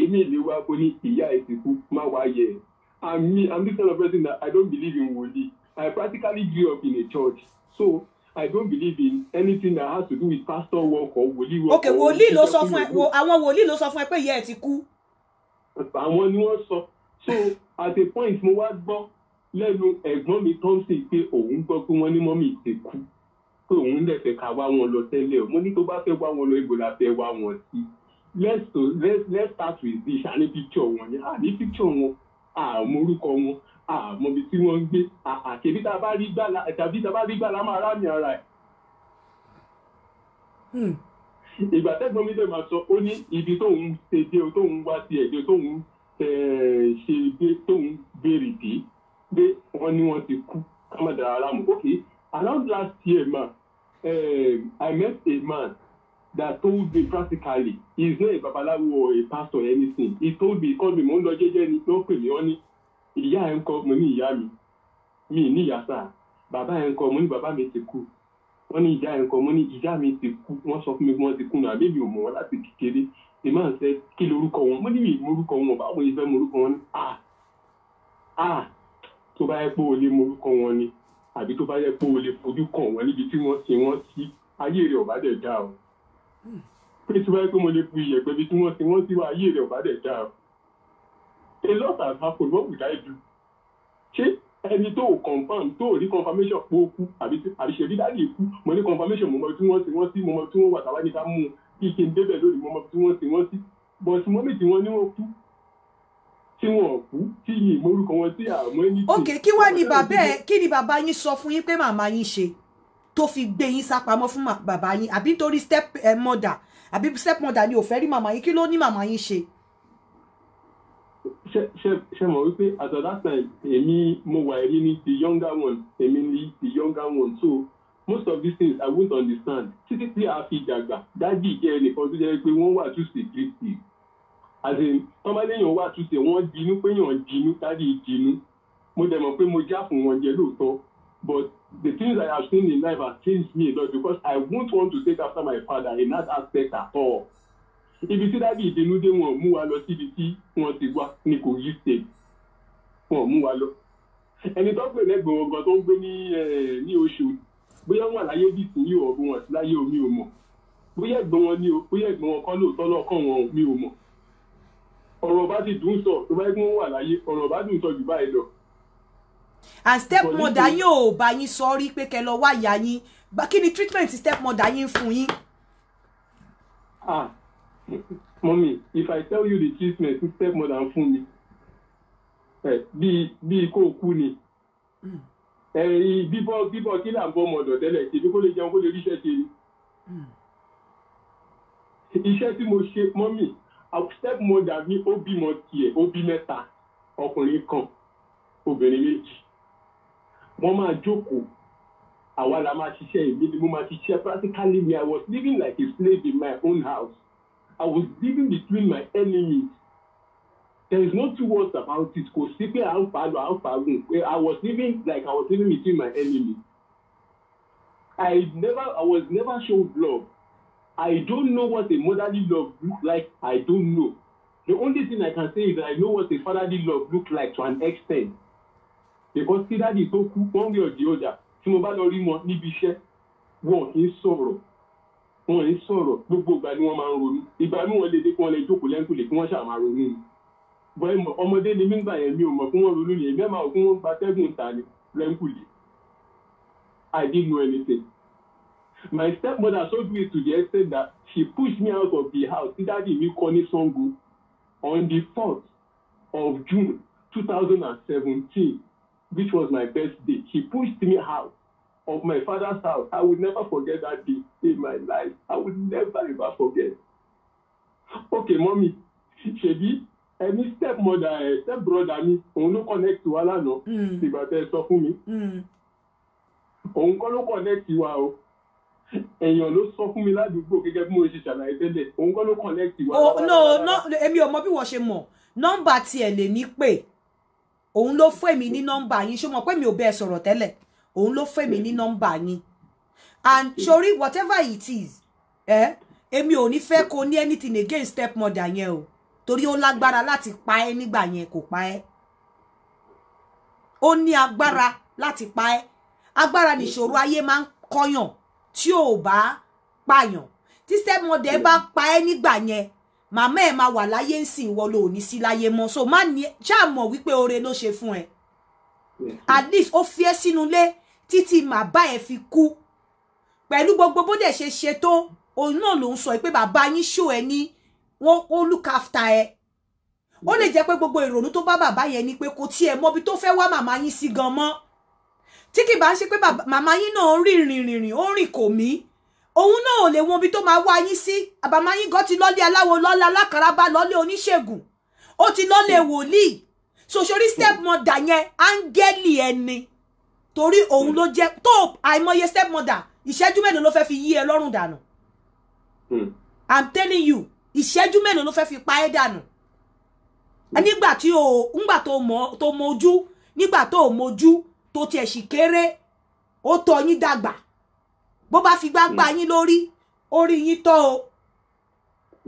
èmi ìlú wa bó ní ìyá ẹ ti kú má wá yẹ ẹ i'm me i'm this kind of person that i don't believe in wòlíì i practically grew up in a church so I don't believe in anything that has to do with pastor work or wòlíì work. Okay, wòlíì ló sọ fún ẹ, àwọn wòlíì ló sọ fún ẹ pé ìyá ẹ ti kú. Àwọn ni wọ́n sọ. So at a point mo wá gbọ́ lẹ́nu ẹ̀gbọ́n mi Thompson pé òun gbọ́ pé wọ́n ní mọ́mì ti kú. Pé òun dẹ̀ fẹ́ ká wá wọn lọ tẹ́lẹ̀ o. Mo ní tó bá fẹ́ wá wọn lọ ibo la fẹ́ wá wọn sí. Let's let's let's start with this. A ní picture wọn A ní picture wọn. A mọ orúkọ wọn àmọ́bi tí wọ́n ń gbé àkèbí tá a bá rí gbàlá tàbí tá a bá rí gbàlá máa rá mi ara ẹ̀. Hmm. ìgbà tẹ́gbọ́n mi dẹ̀ máa sọ ó ní ibi tóun ṣe dé o tóun wá sí ẹ̀dẹ́ tóun ṣe dé tóun béèrè dé pé wọ́n ní wọ́n ti kú ká má dara ara mu. okay around last year ma I met a man that told me practically he is not a babalawo or a pastor or anything he told me he called me mo ń lọ jẹ́jẹ́ ni ló pè mí wọ́n ní ìyá ẹ̀ ń kọ́ mo ní ìyá mi mi ní ìyá sáà bàbá ẹ̀ ń kọ́ mo ní bàbá mi ti kú wọ́n ní ìyá ẹ̀ ń kọ́ mo ní ìyá mi ti kú wọ́n sọ fún mi wọ́n ti kú náà bébí ò mọ̀ wọ́n láti kékeré ẹ̀ ń sẹ́ kí lorúkọ wọn mo ní mi morúkọ wọn báwo ni ìfẹ́ morúkọ wọn ah ah tó bá yẹ pé o lè morúkọ wọn ni àbí tó bá yẹ pé o lè fojú kàn wọn níbi tí wọ́n ti wọ́n sí ayé rẹ̀ ọ̀bá dẹ̀ dá o hmm. pé tí wọ́n yẹ pé mo lè fi iyẹ̀pẹ̀ bí tí wọ́n ti wọ́n sí ayé rẹ̀ ọ̀bá dẹ̀ dá o a lot has happened what would I do ṣé ẹni tó confam tó rí confirmation pé ó kú àbí ṣe bí dáàdì kú mo ní confirmation mo mọ tí wọ́n ti wọ́n sí mo mọ tí wọ́n wà táwa ní ká mú un kí kí n débẹ̀ lórí mo mọ tí wọ́n ti wọ́n sí bọ̀sùn mọ́mì tí wọ́n ní wọ́n kú tí wọn kú tí yìí morúkọ wọn tí àmọ́ ẹni tí. ok kí wàá ní bàbá ẹ kí ni bàbá yín sọ fún yín pé màmá yín ṣe tó fi gbé yín sápamọ́ fún bàbá yín àbí torí step eh, mother àbí step mother ni ò fẹ́ rí màmá yín kí ló ní màmá yín ṣe ṣe mọ̀ wípé at that time èmi mo wà èyí ní the younger one èmi ní the younger one so most of these things I won't understand títí tí a fi dàgbà dájì jẹ́ ẹnìkan tó jẹ́ pé wọ́n wà too simplistic as in tọ́mọdéyàn wà too say wọ́n jinú pé yàn jinú dájì jinú mo dẹ̀ mọ̀ pé mo já fún wọn jẹ lóòótọ́ but the things I have seen in life have changed me a lot because I won't want to take after my father in that aspect at all ibi tí dábì ìbínú dé wọn mú wa lọ síbi tí wọn ti wá ní Kogi state wọn mú wa lọ ẹni tó pè lẹ́gbẹ̀ẹ́ ọgàn tó ń gbé ní eh, ní oṣù bóyá wọn láyé bí sí yóò ọgbọ́n wọn láyé omi ò mọ̀ bóyá ẹ̀gbọ́n wọn ni o bóyá ẹ̀gbọ́n wọn kọ́ lóòótọ́ lọ́kàn wọn mi ò mọ̀ ọ̀rọ̀ bá ti dùn sọ tó bá yẹ kí wọ́n wà láyé ọ̀rọ̀ bá dùn sọ jù báyìí lọ. and stepmother yín ò bá yín sọ rí pé kẹ́ lọ wá ìyá yín kí ni treatment stepmother yín fún yín. Ah, mọ́mí if i tell you the treatment tí stepmother ń fún mi bíi bíi kó o kú ni hmm. ẹ̀yin bíbọ́ bíbọ́ kí là ń bọ́ ọmọ ọ̀dọ̀ tẹ́lẹ̀ tèmi kó lè jẹun kó lè ríṣẹ́ ṣe ni hmm. iṣẹ́ tí mo ṣe mọ́mí stepmother mi ó bímọ tiẹ̀ ó bí mẹ́ta ọkùnrin kan obìnrin méjì wọ́n máa jókòó àwa la máa ṣiṣẹ́ èmi ni mo máa ṣiṣẹ́ practically me i was living like a slave in my own house. I was living between my enemies. There is no two words about it. I was living like I was living between my enemies. I never, I was never shown love. I don't know what a motherly love looks like. I don't know. The only thing I can say is that I know what a fatherly love looks like to an extent. Because tí dáàdi tó kú, one way or the other, tí mo bá lọ rí wọn níbi wọn ò ní gbogbo ìgbà ni wọ́n máa ń ronú ìgbà mi wọn lè dé kí wọ́n lè jókòó lẹ́ńkùlé kí wọ́n ṣáà máa ronú ni bọ́ ẹ ọmọdé ni mí ń gbà yẹn mi ò mọ̀ fún wọn ronú ni èmi ẹ̀ máa fún wọn gba tẹ́gùn ta ni lẹ́ńkùlé I didn't know anything. My stepmother showed me to the extent that she pushed me out of the house dídádì mi kọ́ ní Sango on the fourth of June two thousand and seventeen which was my birthday she pushed me out of my father's house. I will never forget that day in my life. I will never ever forget. Okay, mommy, ṣebí any step mother ẹ step brother mi òun ló connect to lánàá. Hmm. Ìgbà tẹ sọ fún mi. Hmm. Òun kọ́ ló connect wa o. Èèyàn ló sọ fún mi ládùúgbò gẹ́gẹ́ bí mo ṣe ṣàlàyé tẹ́lẹ̀. Òun kọ́ ló connect wa. Oh no no èmi ò mọ bí wọ́n ṣe mọ̀ nọ́mbà tiẹ̀ lè ní pè òun ló fún èmi ní nọ́mbà yín ṣó mọ̀ pé mi ò bẹ́ẹ̀ sọ̀rọ̀ tẹ́lẹ̀ òun ló fẹ́ mi ní hmm. nọ́mbà yín and hmm. sori whatever it is eh èmi ò ní fẹ́ kó ní anything against stepmother yẹn o torí ó lágbára láti pa ẹ́ nígbà yẹn kò pa ẹ́ ó ní agbára hmm. láti pa ẹ́ agbára nìṣòro ayé máa ń kọyàn tí ò bá pààyàn tí stepmother bá pa ẹ́ nígbà yẹn màmá ẹ̀ máa wà láyé ńsìn ìwọ ló ní sí láyé mọ́ so má ní ṣáà mọ̀ wípé oore ló ṣe fún ẹ at least ó fi ẹ́ sínú ilé títí màbá ẹ̀ fi kú pẹ̀lú gbogbo bó dẹ̀ ṣe ṣe tó òun náà ló ń sọ pé bàbá yín ṣó ẹ ní wọn ó look after ẹ ó lè jẹ́ pé gbogbo ìrònú tó bá bàbá yẹn ni pé kò tiẹ̀ mọbi tó fẹ́ wá màmá yín sí gan mọ́ tí kì bá ń ṣe pé màmá yín náà ń rìn rìn rìn rìn ó ń rìn kò mí òun náà ò lè wọn ibi tó máa wá yín sí àbàmá yín gan ti lọ́lé aláwo lọ́lé alákàrábá lọ́lé oníṣègùn ó ti lọ́lé wòlíì sòṣorí step mother yẹn áńgẹ́lì ẹni torí òun hmm. ló jẹ́ tó àìmọye stepmother ìṣẹ́jú mélòó ló fẹ́ fi yí ẹ lọ́rùn dànù hmm. i'm telling you ìṣẹ́jú mélòó ló fẹ́ fi pa ẹ́ dànù hmm. nígbà tí o ńgbà tó mọ tó mojú nígbà tó mojú tó tiẹ̀ sì kéré ó tọ́ yín dàgbà bó bá fi gbágbá yín lórí orí yín tọ́ o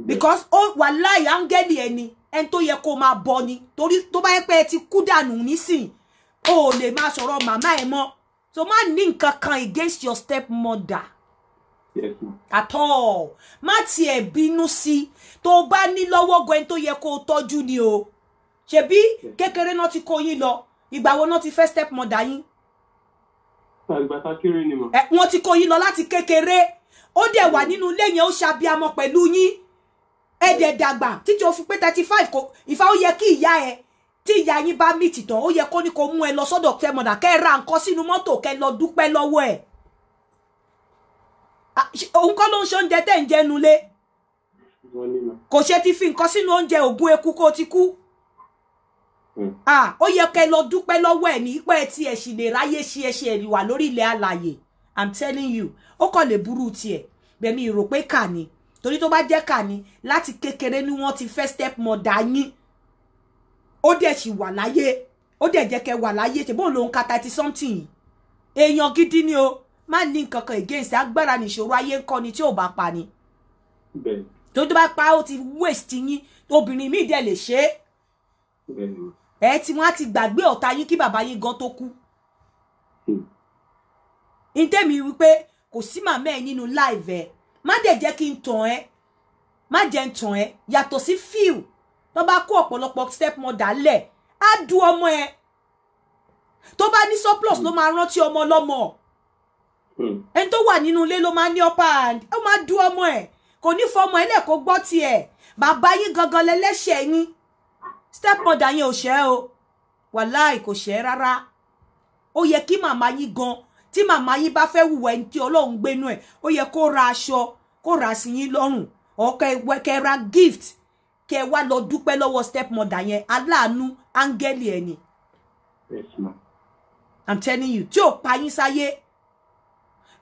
because ó wà láì áńgẹ́lì ẹni ẹni tó yẹ kó máa bọ ni torí tó bá yẹ pé ẹ ti kú dànù nísìn o ò lè máa sọ̀rọ̀ màmá ẹ̀ mọ́ so má ní nǹkan kan against your stepmother yes. at all má tiẹ̀ bínú sí i tó bá ní lọ́wọ́ gan tó yẹ kó o tọ́jú ni o ṣebí kékeré náà ti kó yín lọ ìgbà wo náà ti fẹ́ stepmother yín. àgbà tá ni mo. ẹ wọ́n ti kó yín lọ láti kékeré ó dẹ̀ wà nínú ilé yẹn ó ṣàbíamọ pẹ̀lú yín ẹ dẹ̀ dàgbà títí o fi pé thirty five ìfà ó yẹ kí ìyá ẹ tí ìyá yín bá mì tìtàn ó yẹ kó ní kó mú ẹ lọ sọ́dọ̀ fẹ́ mọ̀dà kẹ́ ra nǹkan sínú mọ́tò kẹ́ lọ dúpẹ́ lọ́wọ́ ẹ̀ òun kọ́ ló ń ṣe oúnjẹ tẹ́ ń jẹ nulẹ̀ kò ṣe ti fi nǹkan sínú oúnjẹ ògùn eku kó ti kú hmm. ó yẹ kẹ́ lọ dúpẹ́ lọ́wọ́ ẹ̀ ní ipò ẹ̀ tí ẹ̀ sì lè ráyè ṣe ẹ̀ ṣe ẹ̀rì wà lórí ilẹ̀ alàyè i'm telling you ó kàn lè burú tiẹ̀ bẹ̀mí ìrò pé kà ni torí tó bá jẹ́ kà ni láti kékeré ni wọ́n ti fẹ́ step mother yín ó dẹ̀ sì wà láyé ó dẹ̀ jẹ́ kẹ́ wà láyé ṣe bóun lòun ka thirty something èèyàn gidi ni o má ní nǹkan kan against agbára nìṣòro ayé ń kọ́ ni tí ò bá pa ni tó tó bá pa ó ti waste yín obìnrin míì dẹ̀ lè ṣe é ẹ tí wọ́n á ti gbàgbé ọ̀tá yín kí bàbá yín gan tó kú hmm. ntẹ́mi wípé kò sí màmá ẹ nínú láìvẹ̀ má dẹ̀ jẹ́ kí n tàn ẹ́ má jẹ́ n tàn ẹ́ yàtọ̀ sí fíìl tó bá kó ọ̀pọ̀lọpọ̀ stepmother lẹ̀ á du ọmọ ẹ tó bá ní surplus ló máa rántí ọmọ lọ́mọ hmm. ẹni tó wà nínú ilé ló máa ní upper hand ó máa du ọmọ ẹ kò ní fọmọ ẹ lẹ̀ kó gbọ́ tiẹ̀ bàbá yín gangan lẹ́lẹ́ṣẹ̀ yín stepmother yẹn ò ṣẹ́ o wàláì kò ṣẹ́ rárá ó yẹ kí màmá yín gan tí màmá yín bá fẹ́ wùwà ẹni tí ọlọ́run gbénú ẹ̀ ó yẹ kó ra aṣọ kó ra sí yín lọ́rùn ọ̀kẹ́ kẹ́ ra gift kẹ wá lọ dúpẹ́ lọ́wọ́ stepmother yẹn aláàánú áńgẹ́lì ẹ̀ ni. I'm telling you tí ò pa yín sáyé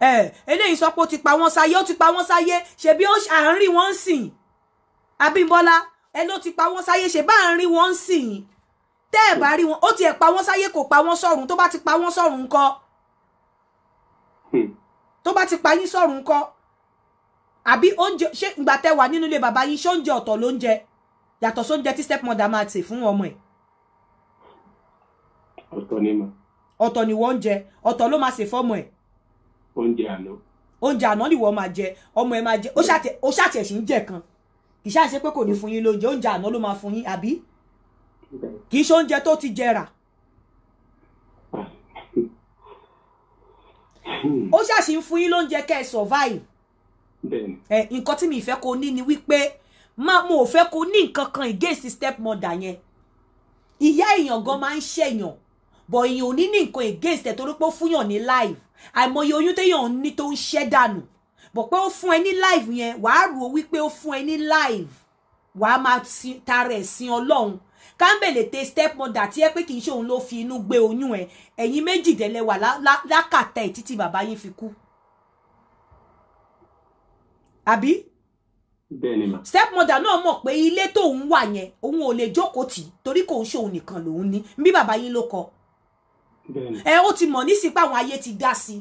ẹ eléyìí sọ pé ó ti pa wọ́n sáyé ó ti pa wọ́n sáyé ṣebí àárín wọn ń sìn Abímbọ́lá ẹ ló ti pa wọ́n sáyé ṣe bá àárín wọn ń sìn tẹ́ ẹ̀ bá rí wọn ó tiẹ̀ pa wọ́n sáyé kò pa wọ́n sọ̀rùn tó bá ti pa wọ́n sọ̀rùn ńkọ́ hmm. tó bá ti pa yín sọ̀rùn ńkọ́ àbí oúnjẹ ṣé ìgbà tẹ́ wà nínú ilé bàbá yín ṣóúnjẹ ọ̀tọ̀ ló ń jẹ yàtọ̀ sóúnjẹ tí stepmother máa tì fún ọmọ ẹ̀. ọ̀tọ̀ ni mà. ọ̀tọ̀ ni wọ́n ń jẹ ọ̀tọ̀ ló máa ṣe fọ́mọ ẹ̀. oúnjẹ àná. oúnjẹ àná ni wọ́n máa jẹ ọmọ ẹ̀ máa jẹ ó ṣàtẹ̀ sí ń jẹ kan kì í ṣàṣe pé kò ní fún yín lóúnjẹ oúnjẹ àná ló máa fún yín àbí kì í ṣe oúnjẹ tó ti jẹ ó ṣàṣì ń fún yín lóúnjẹ kẹ́ ẹ survive. ẹ nǹkan tí mi ìfẹ́ kò ní ni wípé Ma mo ò fẹ́ kó ní nǹkan kan against stepmother yẹn ìyá èèyàn gan máa ń ṣèyàn bọ̀ èèyàn ò ní ní nǹkan against ẹ̀ torí pé ó fúnyàn ní live àìmọye oyún téèyàn ní tó ń ṣẹ́ dànù bọ̀ pé ó fún ẹ ní live yẹn wàá rò ó wípé ó fún ẹ ní live wàá máa tara ẹ̀ sin ọlọ́run kámbèlè te stepmother tí ẹ pé kì í ṣe òun ló fi inú gbé oyún ẹ ẹ̀yin méjìdínlẹ́wà lákàtà ẹ̀ títí bàbá yín fi kú àbí stepmother náà mọ̀ pé ilé tóun wà yẹn òun ò lè jókòó tì torí kò ń ṣòun nìkan lòun ní bí bàbá yín ló kọ. ẹ ó ti mọ̀ nísìsiyìí àwọn ayé ti dá sí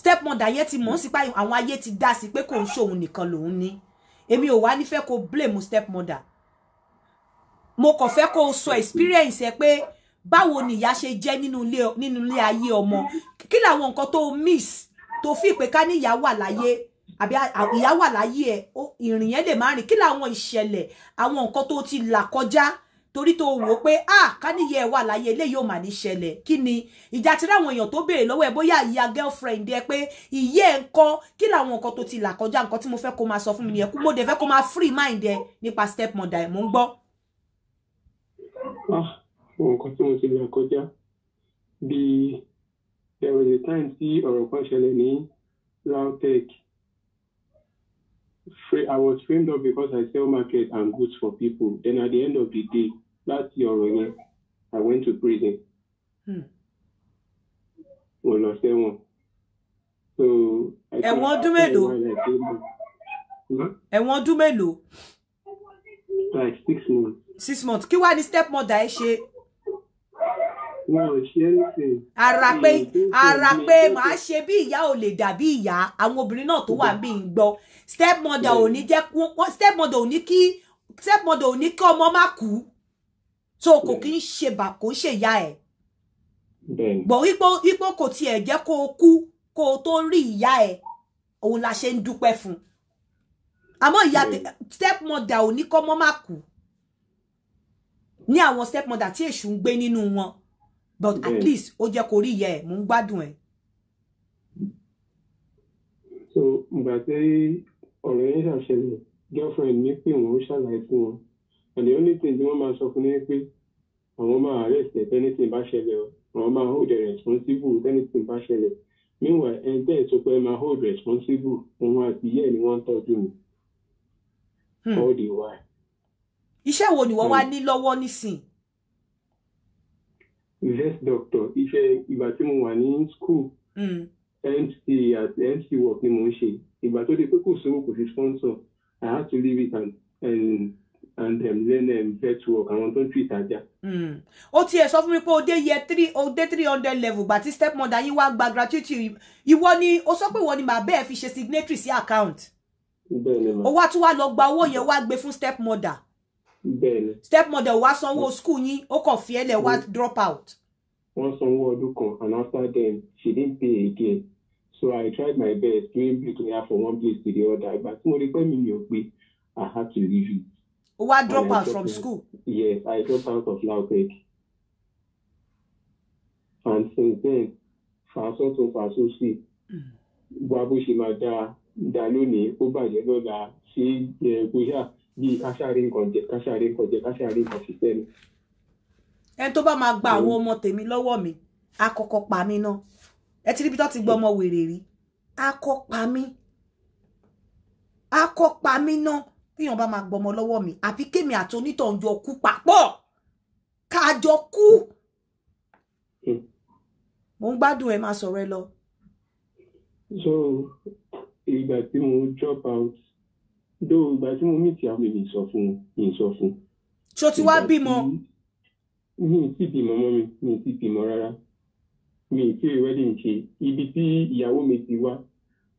stepmother yẹn ti mọ̀ nísìsiyìí pé àwọn ayé ti dá sí i pé kò ń ṣòun nìkan lòun ní èmi ò wá nífẹ̀ẹ́ kó blame stepmother mo kàn fẹ́ kó sọ experience ẹ pé báwo ni ìyá ṣe jẹ́ nínú ilé ayé ọmọ kí làwọn nǹkan tó miss tó fi pé ká níyàá wà láyé àbí ìyá wà láyé ẹ ìrìn yẹn lè má rìn kí làwọn ìṣẹ̀lẹ̀ àwọn nǹkan tó ti là kọjá torí tó wò ó pé ah káníyẹ wà láyé eléyìí ò mà ní ṣẹlẹ̀ kí ni ìjà tí ráwọn èèyàn tó béèrè lọ́wọ́ ẹ bóyá ìyá girlfriend ẹ pé ìyẹ́ ẹ ń kọ́ kí làwọn nǹkan tó ti là kọjá nǹkan tí mo fẹ́ kó máa sọ fún mi nìyẹn kú mo dẹ̀ fẹ́ kó máa free mind ẹ nípa step mother ẹ mò ń gbọ́. ah nǹkan tí mo ti là kọjá bíi there was a time tí ọ̀rọ̀ kan ṣẹlẹ̀ ní LAUTECH I was framed up because I sell market and goods for people. Then at the end of the day, last year already, I went to prison. Hmm. Mo lọ sẹ́wọ̀n. So ẹ̀wọ̀n ọdún mélòó? Hmm? ẹ̀wọ̀n ọdún mélòó? Like six months. Six months. Kiwa wá ni stepmother ẹ she wọn ò ṣe anything. ara pé ara pé màá ṣe bí ìyá ò lè dà bí ìyá àwọn obìnrin náà tó wà bí ń gbọ́ stepmother ò ní jẹ́ stepmother ò ní kí stepmother ò ní kí ọmọ má kú so kò kí ń ṣe bà kò ń ṣe ìyá ẹ̀ gbọ̀ wípé wípé kò tiẹ̀ jẹ́ kó o kú kó o tó rí ìyá ẹ̀ òun la ṣe ń dúpẹ́ fún àmọ́ ìyá stepmother ò ní kọ́ ọmọ má kú ní àwọn stepmother tí èṣù ń gbé nínú wọn but at least ó jẹ́ kó rí ìyá ẹ̀ mò ń gbádùn ẹ̀. so ìgbà tí ọ̀rọ̀ yẹn ṣàṣẹlẹ̀ girlfriend mi pé wọ́n ṣàlàyé fún wọn and the only thing tí wọ́n so sọ fún mi pé àwọn máa arrest ẹ̀ tẹ́nìtìn bá ṣẹlẹ̀ àwọn máa hold ẹ̀ responsible anything bá ṣẹlẹ̀ meanwhile ẹni tẹ́ ẹ̀ sọ pé hold responsible òun àti ìyá ẹ̀ ni wọ́n ń tọ́jú mi hmm. all the while. iṣẹ́ wo ni wọ́n wá hmm. ní lọ́wọ́ nísìn vet doctor iṣẹ́ ìgbà tí mo wà ní school mc hmm. àti mc work ni mo ń ṣe ìgbà tó di pé kò sówó kò sí sponsor i had to leave it and and and um, learn um, vet work àwọn tó ń tú ìtajà. Hmm. ó tiẹ̀ sọ fún mi pé o dé yẹ three o dé three hundred level gbà step mother, yín wá gba gratuity ìwọ ni ó sọ pé ìwọ ni màá bẹ́ẹ̀ fi ṣe signatory sí account. bẹ́ẹ̀ ni ma. ó wá tún wá lọ gba owó yẹn wá gbé fún stepmother stepmother wá sanwó school yín ó kàn fi ẹlẹ wá drop out. wọ́n sanwó ọdún kan and after then she didn't pay again so i tried my best doing bricklayer from one place to the other ìgbà tí mo rí pé mi ò pé i had to leave you. ó wá drop out from school. yes i dropped out of LAUTECH and since then fàṣọ tó fàṣọ sí hmm. wá bó ṣe máa dáa dáa lónìí ó bàjẹ́ lọ́la ṣé ẹ̀ eh, bóyá bíi káṣáre nǹkan jẹ káṣáre nǹkan jẹ káṣáre nǹkan fi sẹ́nu. ẹni tó bá máa gba àwọn ọmọ tèmi lọ́wọ́ mi á kọ́kọ́ pa mí ná ẹ ti ríbi tó ti gbọ́ ọmọ wèrè rí á kọ́ pa mí á kọ́ pa mí ná bíyàn bá máa gbọmọ lọ́wọ́ mi àfi kémi àti onítọ̀hún jọ kú papọ̀ ká jọ kú. Hmm. mo ń gbádùn ẹ máa sọ̀rọ̀ ẹ lọ. so ìgbà tí mo drop out do ìgbà tí mo mìtì àwọn èèyàn sọ fún yìí sọ fún. ṣó ti wá bímọ. mi ì tí bímọ mọ mi mi ì tí bímọ rárá mi ì tí wedding ṣe ibi tí ìyàwó mi ti wá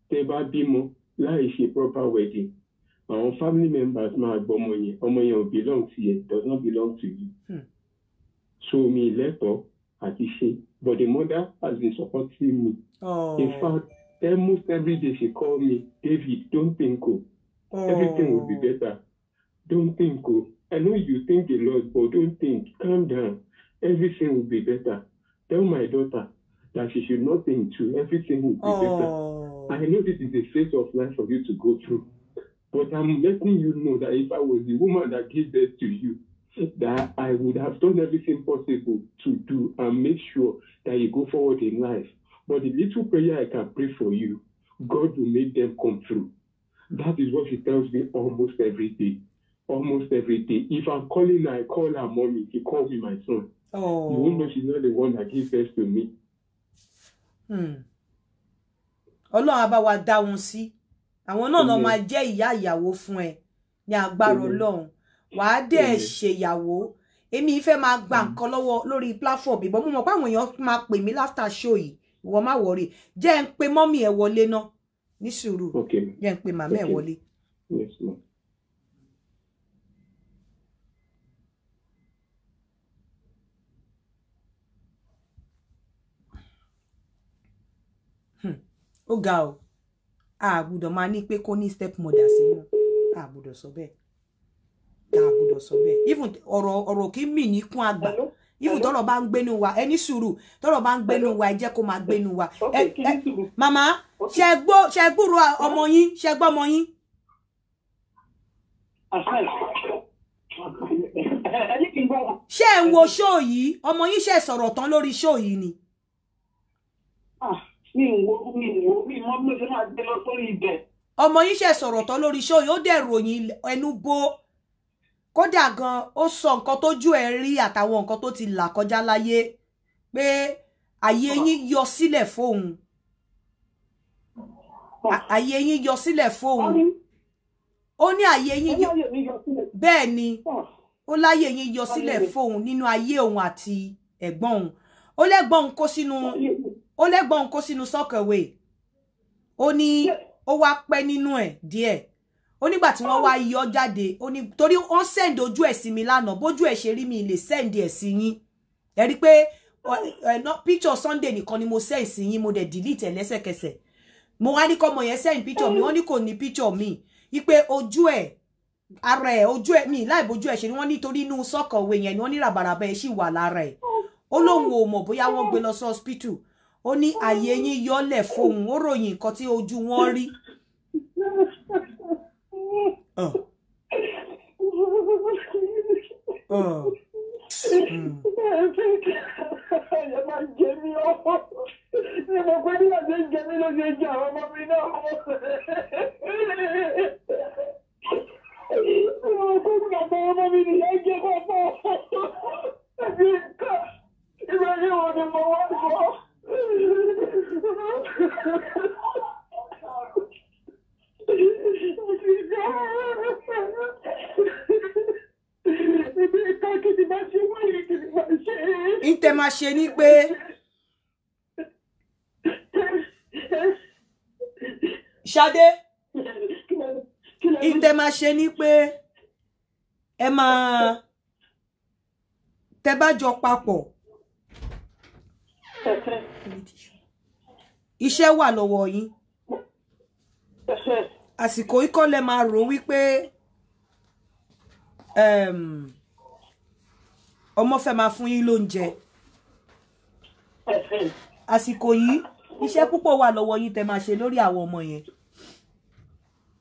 tẹ bá bímọ láì ṣe proper wedding àwọn family members máa gbọ́ ọmọ yẹn ọmọ yẹn ò belong to yẹ does not belong to you. Hmm. so mi lẹ́tọ̀ọ́ àti ṣe but the mother has been supporting me. Oh. in fact almost every day she call me David don't think o. Oh. Oh. Everything will be oh. better. Don't think, oh, I know you think a lot, but don't think. Calm down. Everything will be better. Tell my daughter that she should not think too. Everything will be oh. better. I know this is a phase of life for you to go through, but I'm letting you know that if I was the woman that gave birth to you, that I would have done everything possible to do and make sure that you go forward in life. But the little prayer I can pray for you, God will make them come through. That is what she tells me almost every day. Almost every day. If I'm calling her, I call her mommy. She calls me my son. Oh. You won't know she's not the one that gives birth to me. Hmm. Ọlọ́run á bá wa dá wọn sí. Àwọn náà náà máa jẹ́ ìyá ìyàwó fún ẹ ní agbára Ọlọ́run. Wàá dẹ̀ ṣèyàwó. Èmi ìfẹ́ máa gba nǹkan lọ́wọ́ lórí platform ìbọn. Mo mọ̀ pé àwọn èèyàn máa pè mí láfta show yìí. Ìwọ má wọrí. Jẹ́ ń pe mọ́mì ẹ̀ wọlé náà ní sùúrù jẹ́ ń pe màmá ẹ̀ wọlé. Yes, ma'am. Hm. ó ga ọ àgbùdọ̀ máa ní pé kó ní step mother sí wọn àgbùdọ̀ sọ bẹ́ẹ̀ àgbùdọ̀ sọ bẹ́ẹ̀ even ọ̀rọ̀ ọ̀rọ̀ kì í mì ní kún àgbà even tọ́rọ̀ bá ń gbénu wa ẹni sùúrù tọ́rọ̀ bá ń gbénu wa ẹ jẹ́ kó máa gbénu wa ẹ ẹ màmá ṣe gbọ́ ṣe gbúrò ọmọ yín ṣe gbọ́ ọmọ yín. ṣé ẹ̀ ń wo ṣóò yìí ọmọ yín ṣe sọ̀rọ̀ tán lórí ṣóò yìí ni. mi ò wo mi ò wo mi mọ bí mo ṣe máa gbé lọ sórí ibẹ̀. ọmọ yín ṣe sọ̀rọ̀ tán lórí ṣóò yìí ó dẹ̀ ròyìn ẹnu bo kódà gan ó sọ nǹkan tójú ẹ̀ rí àtàwọn nǹkan tó ti là kọjá láyé pé ayé yín yọ sílẹ̀ fóun àyè yín yọ sílẹ̀ fóun ó ní àyè yín bẹ́ẹ̀ ni ó láyè yín yọ sílẹ̀ fóun nínú ayé òun àti ẹ̀gbọ́n òun ó lẹ́gbọ́n òun kó sínú ó lẹ́gbọ́n òun kó sínú sọ́kẹ̀wé ó ní ó wá pẹ́ nínú ẹ̀ díẹ̀ ó nígbà tí wọ́n wá yọ jáde ó ní torí wọ́n sẹ́ǹdì ojú ẹ̀ sí mi lánàá bójú ẹ̀ ṣe rí mi lè sẹ́ǹdì ẹ̀ sí yín ẹ rí i pé picture Sunday nìkan ni mo sẹ́ǹsì yín mo dẹ̀ delete ẹ̀ lẹ́sẹ̀kẹsẹ̀ mo wá ní kọ́mọ yẹn send picture mi wọ́n ní kò ní picture mi ipe ojú ẹ̀ ara ẹ̀ ojú ẹ̀ mi láì bojú ẹ̀ ṣe ni wọ́n nítorí inú sọ́kọ̀ òwe yẹn ni wọ́n ní ràbàràbà ẹ̀ sì wà lára ẹ̀ ó lóun ò mọ̀ bóyá wọ́n gbé lọ sí hospital ó ní àyè yín yọlẹ̀ fóun ó ròyìn nǹkan tí ojú wọn rí. Uh. ẹ mm. Thank you ìtẹ̀ máa ṣe ni pé. Ṣadé ìtẹ̀ máa ṣe ni pé ẹ máa tẹ bá jọ papọ̀ iṣẹ́ wà lọ́wọ́ yín àsìkò ikọ́ lẹ máa rò wípé ọmọ fẹ́ máa fún yín lóúnjẹ àsìkò yìí iṣẹ́ púpọ̀ wà lọ́wọ́ yín tẹ máa ṣe lórí àwọn ọmọ yẹn.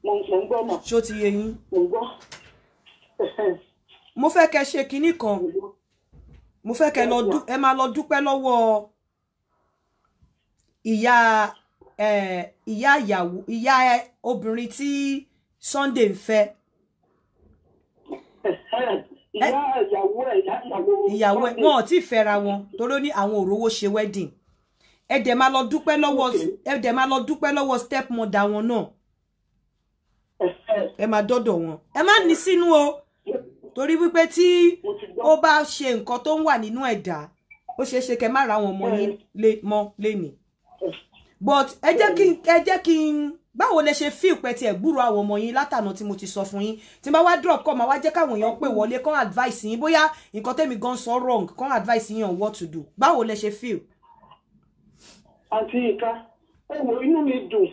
mo ń gbọ́ mọ̀. ṣó ti yé yín. mo ń gbọ́. mo fẹ́ kẹ́ ṣe kinní kan mo fẹ́ kẹ́ ẹ máa lọ dúpẹ́ lọ́wọ́ ìyá ìyá ìyàwó ìyá obìnrin tí Sunday ń fẹ́ ìyàwó ẹ̀ ìyàwó ẹ̀ wọn ò tí ì fẹ́ra wọn torí ó ní àwọn òrówó ṣe wedding ẹ dẹ̀ máa lọ dúpẹ́ lọ́wọ́ ẹ dẹ̀ máa lọ dúpẹ́ lọ́wọ́ step mother wọn náà ẹ máa dọ́dọ̀ wọn ẹ má ní sínú o torí wípé tí ó bá ṣe nǹkan tó ń wà nínú ẹ̀dá ó ṣeé ṣe kẹ́ má ra wọn mọ́ lé mọ́ lénìí but ẹ jẹ́ kí ẹ jẹ́ kí n báwo lẹ ṣe feel pé tiẹ̀ gbúrò àwọn ọmọ yín látànà tí mo ti sọ fún yín tí bá wá drop kọ́ máa wá jẹ́ káwọn èèyàn pè wọlé kán advice yín bóyá nǹkan tẹ́mi gan sọ wrong kán advice yín on what to do báwo lẹ ṣe feel. àti ìka ẹ wo inú mi dùn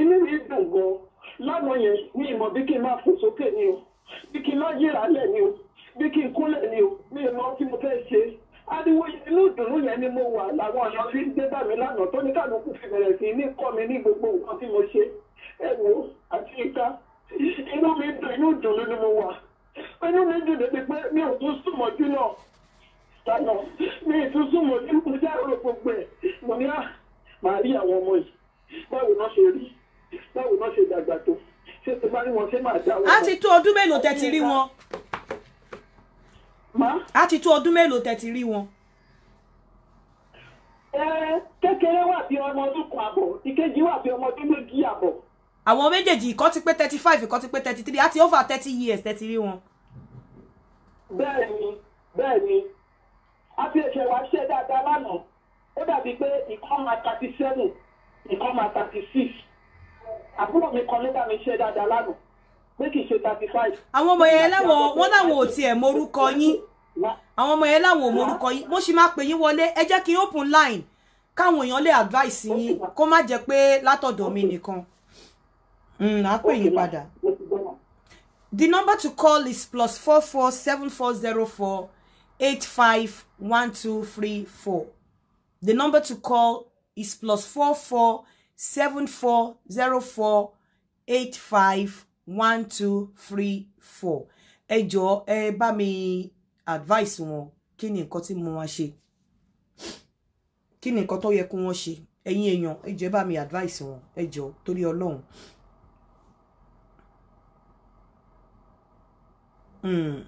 inú mi dùn gan lánàá yẹn ní ìmọ̀ bí kí n máa fò sókè ni o bí kí n máa yíra lẹ̀ ni o bí kí n kúnlẹ̀ ni o mi ò mọ ohun tí mo fẹ́ ṣe ariwo inú ìdùnnú yẹn ni mo wà làwọn èèyàn fi ń gbé bá mi lánàá tó ní kálukú fi bẹ̀rẹ̀ sí ní kọ́ mi ní gbogbo nǹkan tí mo ṣe ẹ wò àti ìka inú mi dùn inú ìdùnnú ni mo wà inú mi dùn débi pé mi ò tún sùn mọ́jú náà lánàá mi ì tún sùn mọ́jú mo dárò gbogbo ẹ̀ mo ní à ah, máa rí àwọn ọmọ yìí báwo náà ṣe rí báwo náà ṣe dàgbà tó ṣé ti bá rí wọn ṣé máa dá wọn. a ti tó ọdún mélòó tẹ́ ti rí wọn á ti tó ọdún mélòó tẹ́ ti rí wọn. kékeré wà bí ọmọ ọdún kan àbọ̀ ìkejì wà bí ọmọ ọdún méjì àbọ̀. àwọn méjèèjì ìkan ti pé thirty five ìkan ti pé thirty three àti over thirty years tẹ́ ti rí wọn. bẹ́ẹ̀ni bẹ́ẹ̀ni a fi ẹsẹ̀ wá ṣe dáadáa lánàá ó dàbí pé ìkan máa thirty seven ìkan máa thirty six àbúrò mi kan ló bá mi ṣe dáadáa lánàá àwọn ọmọ yẹn láwọn wọn láwọn ò tiẹ̀ morúkọ yín àwọn ọmọ yẹn láwọn ò morúkọ yín mo sì máa pè yín wọlé ẹ jẹ́ kí open line káwọn èèyàn lè advice yín kó má jẹ́ pé látọ̀dọ̀ mi nìkan hmm, á pè yín padà. The number to call is plus four four seven four zero four eight five one two three four. The number to call is plus four four seven four zero four eight five one two three four ẹ jọ ẹ bá mi advice wọn kí ni nǹkan tí mo máa ṣe kí ni nǹkan tó yẹ kí wọ́n ṣe ẹ̀yin èèyàn ẹ jọ ẹ bá mi advice wọn ẹ jọ torí ọlọ́run. Hmm.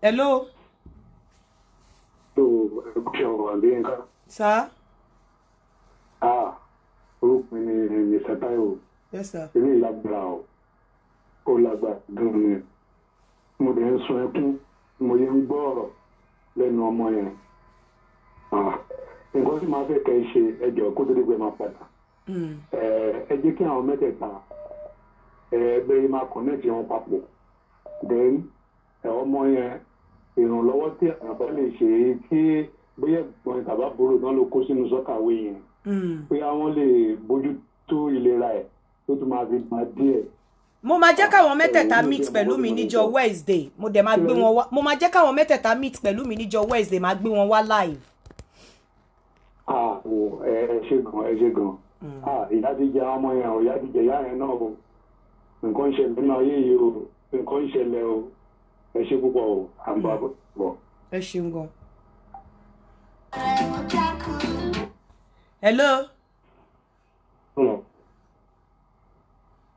hello. Sir. ẹ táyọ̀ ilé ìlágbára o ó lágbára dùn ni mo dẹ̀ ń sun ẹkún mo yẹ ń gbọ́ ọ̀rọ̀ lẹ́nu ọmọ yẹn nǹkan tí màá fẹ́ kẹ́ ẹ ṣe ẹjọ́ kó tó dé pé máa padà hmm. ẹ jẹ́ kí àwọn mẹ́tẹ̀ẹ̀ta ẹgbẹ́ yìí máa kọ̀nẹ́ẹ̀tì wọn papọ̀ then ọmọ yẹn ìrànlọ́wọ́ tí àbá lè ṣe é kí bóyá ẹ̀gbọ́n tàbá burú náà ló kó sínú sọ́kàwé yẹn pé hmm. àwọn lè bójú tó tó ìlera ẹ̀ tó tún máa fi gbà díẹ̀. mo máa jẹ́ káwọn mẹ́tẹ̀ẹ̀ta meet pẹ̀lú mi níjọ́ Wednesday mo dẹ̀ máa gbé wọn wá mo máa jẹ́ káwọn mẹ́tẹ̀ẹ̀ta meet pẹ̀lú mi níjọ́ Wednesday máa gbé wọn wá live. àwọ̀ ẹ ṣe gan ẹ ṣe gan mm. ìyá ti jẹ ọmọ yẹn o ìyá ti jẹ ìyá yẹn náà o nǹkan ń ṣẹlẹ̀ nínú yìí o nǹkan ń o ẹ ṣe púpọ̀ o à ń bọ̀ bọ̀. ẹ ṣeun gan. hello.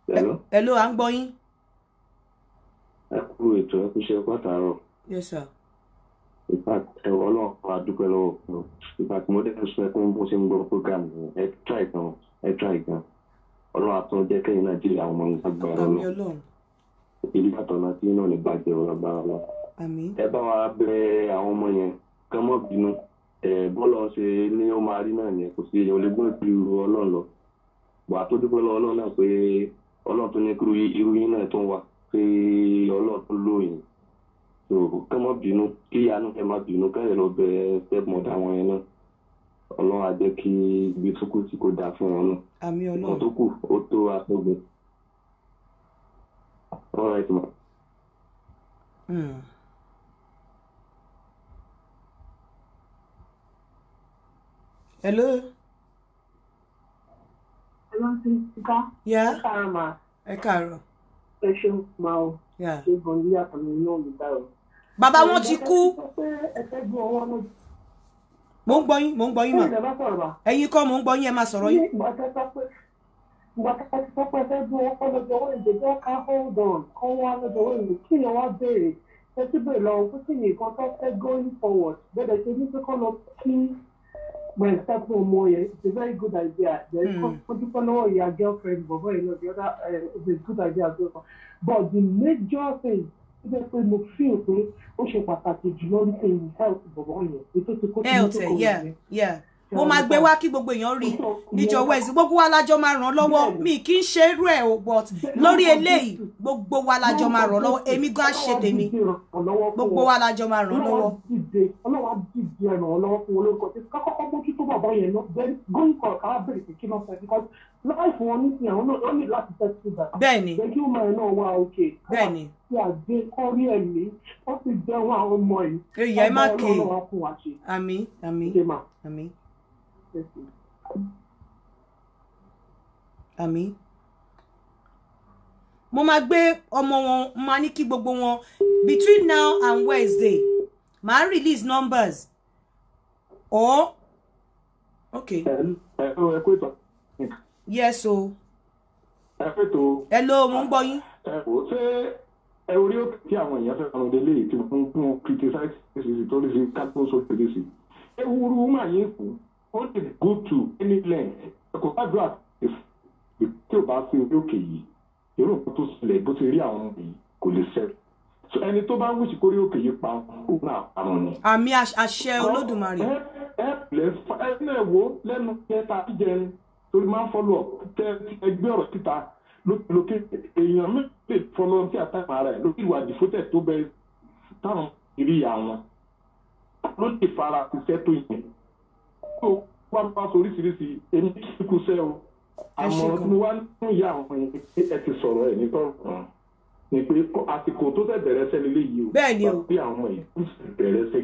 hello ló à ń gbọ́ yín. ẹ kú ètò ẹ kú iṣẹ́ pàtàkì. yes sir. in fact ẹ wọ ọlọ́run fún adúpẹ́ lọ́wọ́ fún in fact mo dẹ́nu sọ ẹ pé ṣe ń gbọ́ program ẹ try gan ẹ try gan ọlọ́run àtún jẹ́ kẹ́yìn náà jírí àwọn ọmọ yín lágbára lọ ìlú àtọ̀nà tí náà ní bàjẹ́ lágbára lọ. ẹ bá wa bẹ àwọn ọmọ yẹn kán mọ́ bínú bọ́ọ̀lù ṣe ní ó máa rí náà yẹn kò sí èèyàn ológun ìlú ọlọ́run lọ wà ọlọ́run tó ní kúrú irú yín náà tó ń wà pé ọlọ́run tó lóyìn so kẹ́ mọ́ bínú kí àánú kẹ́ má bínú kẹ́ lọ bẹ stepmother àwọn yẹn náà ọlọ́run á jẹ́ kí ibi tó kù tí kò dáa fún wọn náà àmín ọlọ́run ọ̀tún kù ó tó aṣọ́gun all right ma. Hmm. hello rántí bá wọn ti kú. mo ń gbọ́ yín mo ń gbọ́ yín mà ẹ̀yin kọ́ mo ń gbọ́ yín ẹ máa sọ̀rọ̀ yín. kí ni wọ́n béèrè. Ẹ ti béèrè lọ́wọ́ pé kí ni nǹkan tó fẹ́ going forward. Bẹ́ẹ̀ ṣe ní pé kọ́ lọ kí when it starts more years, it's a very good idea. Then mm. know your girlfriend, but you know the other uh, it's a good idea as well. But the major thing ó jẹ́ pé mo fi hàn pé ó ṣe pàtàkì jùlọ ní health bọ̀bọ̀ yẹn ètò ti kó tó ní mo máa gbé wá kí gbogbo èèyàn rí níjọ wẹ́ẹ̀sì gbogbo wa lájọ máa ràn lọ́wọ́ mi kì í ṣe irú ẹ̀ o but lórí eléyìí gbogbo wa lájọ máa ràn lọ́wọ́ èmi gan ṣe tèmi gbogbo wa lájọ máa ràn lọ́wọ́. ọlọ́wà dìde ẹ̀ràn lọ́wọ́ fún olóko tí kọ́kọ́kọ́ bójú tó bàbá yẹn lọ bẹ́ẹ̀ gómìnkọ̀ káwá bèrè pé kí ló fẹ́ bí láìfù wọn ní ìyàwó náà ó ní láti fẹ́ sí ibà. bẹ́ẹ̀ni jẹ́ kí ó máa náà wá òkè. bẹ́ẹ̀ni ti àgbé kọ́rí ẹ̀mí wọ́n ti jẹun àwọn ọmọ yìí. èyí ẹ má kéè àmín àmín àmín person. àmín mo máa gbé ọmọ wọn máa ní kí gbogbo wọn between now and Wednesday máa release numbers or okay. ẹ kú ìtàn. yes o. ẹ fẹ́ tó. ẹ ló mo ń gbọ́ yín. ẹ kò ṣe ẹ orí òkè tí àwọn èèyàn fẹ́ kanu délé tí wọ́n ń kún criticize ṣèṣì tó lè fi kápó sókè lè ṣe. ewúro máa yín kù God is good to any length ẹ̀kọ́ gbàdúrà tí ò bá fi orí òkè yìí irú nǹkan tó ṣẹlẹ̀ bó ti rí àwọn ọmọ yìí kò lè ṣẹlẹ̀ so ẹni tó bá wíṣì kórí òkè yìí pa òun náà parun ni. àmì àṣẹ olódùmarè. ẹ ẹ lẹ́nu ẹ̀ wo lẹ́nu kẹta jíjẹrin torí máa ń fọ́lọ́ tẹ ẹgbẹ́ ọ̀rọ̀ síta lókè èèyàn mi lè fọlọ́ sí àtàkùn ara ẹ̀ lókè ìwà àdìfótẹ̀ tó bẹ táwọn ìrí àwọn ló lè fara ṣiṣẹ́ tó yẹn tó wá bá sọ oríṣiríṣi èmi kì í kú o àmọ́ mo wá nínú ìyá àwọn yẹn pé ẹ ti sọ̀rọ̀ ẹ̀ ní tọ́rọ̀ ni pé àsìkò tó fẹ́ bẹ̀rẹ̀ sẹ́ lélẹ́ o bẹ́ẹ̀ ni o pé àwọn yìí kù sí bẹ̀rẹ̀ sẹ́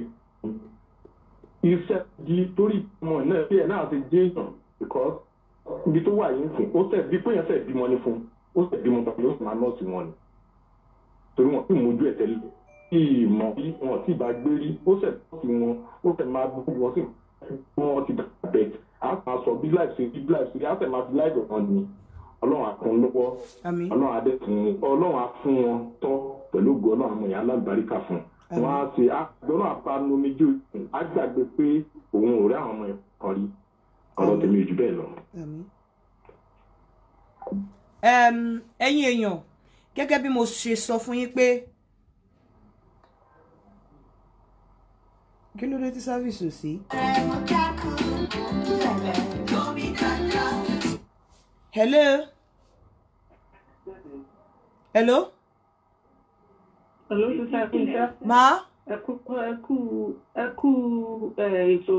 iṣẹ́ di torí ọmọ náà bí ẹ̀ náà ti jẹ́ èèyàn because ibi tó wà yìí ń sìn ó tẹ̀ bí pé yẹn sẹ̀ bímọ ní fún ó sẹ̀ bímọ tàbí ó sì máa nọ́ọ̀sì wọn ni torí wọn sì mójú ẹ̀ tẹ́lẹ̀ ìmọ̀ bí wọn sì bá gbé rí ó sẹ̀ bọ́ sí wọn ó sẹ̀ máa gbogbo wọn sì wọ́n ti dàbẹ̀ a máa sọ bí láì ṣe bí láì ṣe á sì máa fi láì rọ̀ ni ọlọ́run àkún lọ́wọ́ ọlọ́run adẹ́kun ọlọ́run á fún wọn tọ́ pẹ̀lú ògùn ọlọ́run àmọ̀ yẹn alábàríkà fún wọn á ṣe àgbọ̀nà àpanomijú á gbàgbé pé òun ò rí àwọn ọmọ ẹ̀kọ́ rí ọ̀rọ̀ tèmi ò jù bẹ́ẹ̀ lọ. ẹ̀yin èèyàn gẹ́gẹ́ bí mo ṣe sọ fún yín pé kí ló dé tí sáfíìsì sí. hello hello. hello sísá kúńtà. máa. ẹ kú ẹ kú ẹ kú ètò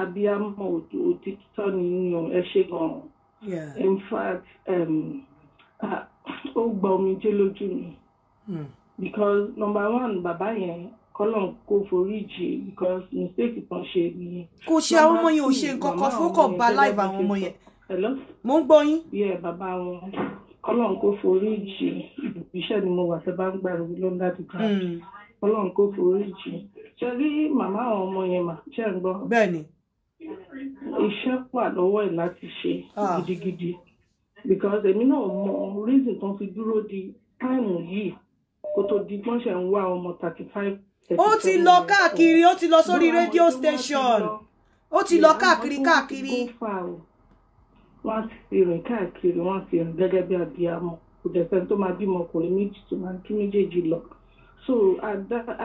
abiyamọ òtítọ́ nínú ẹ ṣe gan Yeah. in fact um, ah, ó gba omijé lójú mi. Hmm. because number one bàbá yẹn kọ́lọ̀ kó foríjì because mistake kan ṣe ni. kò ṣe àwọn ọmọ yẹn ò ṣe nǹkan kan fún kàn bá láìbá àwọn ọmọ yẹn. mo ń gbọ́ yín. yẹ bàbá wọn kọ́lọ̀ kó foríjì iṣẹ́ ni mo wà tẹ́ bá ń gbà lórí lọ́ńdà dùkà kọ́lọ̀ kó foríjì ṣe rí màmá àwọn ọmọ yẹn mà ṣe ń gbọ́. bẹ́ẹ̀ni. iṣẹ́ pà lọ́wọ́ ẹ̀ láti ṣe ah. gidigidi because èmi náà mọ reason tó fi dúró di táìmù yìí kó tó di gbọ́n ṣe ń wá ọmọ thirty five ó ti lọ káàkiri ó ti lọ sórí rédíò station ó ti lọ káàkiri káàkiri. wọ́n ti fi rìn káàkiri wọ́n ti rìn gẹ́gẹ́ bí abiyamọ kò dẹ̀ sẹ́ni tó máa bímọ ọkùnrin méjì tó máa dún méjèèjì lọ so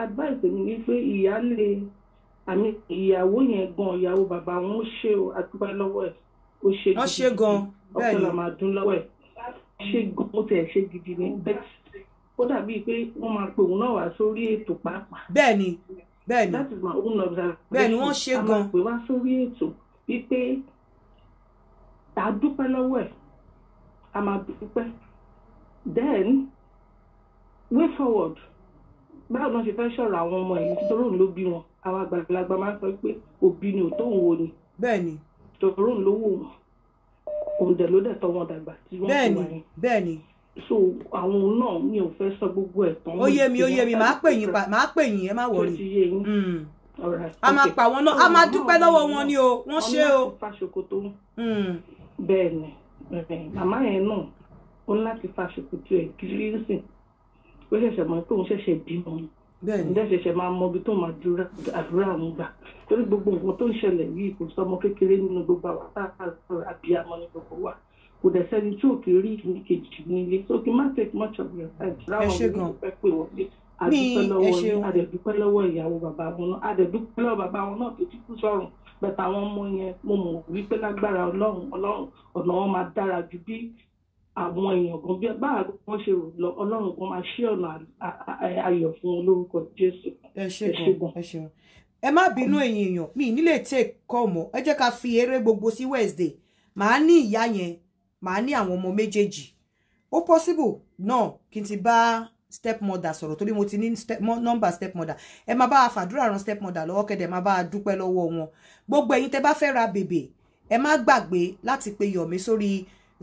advice mi ni pé ìyáálé àmì ìyàwó yẹn gan ìyàwó bàbá wọn ó ṣe o àtúbá lọ́wọ́ ẹ̀ ó ṣe gidi ọ̀pọ̀ làmàdún lọ́wọ́ ẹ̀ ṣe gan ó tẹ̀ ṣe gidi ni bẹ́ẹ̀ ó dàbí pé wọ́n máa pe òun náà wá sórí ètò pàápàá. bẹ́ẹ̀ni bẹ́ẹ̀ni láti gba own observation bẹ́ẹ̀ni wọ́n ṣe gan a máa pè wá sórí ètò wípé a dúpẹ́ lọ́wọ́ ẹ̀ a máa dúpẹ́ then way forward báwo ló ṣe fẹ́ ṣọ̀rọ̀ àwọn ọmọ yìí tóró ló bí wọn àwọn àgbàlagbà máa ń sọ pé òbí ni òtóhùn wo ni. bẹ́ẹ̀ni. tóró ló wò wọn òun dẹ̀ ló dẹ̀ tọ́ wọn dàgbà tí wọ́n fi wà ní. bẹ́ẹ̀ni bẹ́ẹ̀ni so àwọn náà mi ò fẹ́ sọ gbogbo ẹ̀ tán. ó yé mi ó yé mi màá pè yín màá pè yín ẹ má wọrí. Hmm. a máa pa wọn náà a máa dúpẹ́ lọ́wọ́ wọn ni o wọ́n ṣe o. ọmọ náà ti fa ṣòkòtò. Hmm. bẹ́ẹ̀ ni màmá yẹn náà ó ní láti fa ṣòkòtò ẹ̀ kiri sìn ó ṣẹ̀ṣẹ̀ mọ̀ pé òun ṣẹ̀ṣẹ̀ bímọ ǹjẹ́ ṣẹ̀ṣẹ̀ máa mọ ibi tó máa àdúrà òun gbà torí gbogbo nǹkan tó ń ṣẹlẹ̀ yìí kò sọmọ kékeré nínú gbogbo àwọn àbíyamọ kò dẹ̀ sẹ́ni tí òkè rí ìkejì nílé so kí n má take much of your time ráwọn mi ní ìfẹ́ pé wọlé adúpẹ́ lọ́wọ́ yín adẹ̀dúpẹ́ lọ́wọ́ ìyàwó bàbá wọn náà adẹ̀dúpẹ́ lọ́wọ́ bàbá wọn náà tó ti kú sọ̀rùn bẹ̀tẹ̀ àwọn ọmọ yẹn mo mọ̀ wípé lágbára ọlọ́run ọlọ́run ọ̀nà wọn máa dára ju bí àwọn èèyàn kan bí báà wọn ṣe rò lọ ọlọ́run kan máa ṣí ọ̀nà ayọ̀ fún wọn lórúkọ jésù ẹ ṣe gan ẹ ṣe gan ẹ má bínú ẹ̀yin èèyàn mi nílé take call mọ́ ẹ jẹ́ ká fi eré gbogbo sí Wednesday màá ní ìyá yẹn màá ní àwọn ọmọ méjèèjì ó possible náà kí n ti bá stepmother sọ̀rọ̀ torí mo ti ní step, number stepmother ẹ máa bá a fàdúrà ran stepmother lọ́wọ́ kẹ́dẹ̀ máa bá a dúpẹ́ lọ́wọ́ wọn gbogbo ẹ̀yin tẹ́ bá fẹ́ ra bèbè ẹ má gbàgbé láti pe yọ̀mí sórí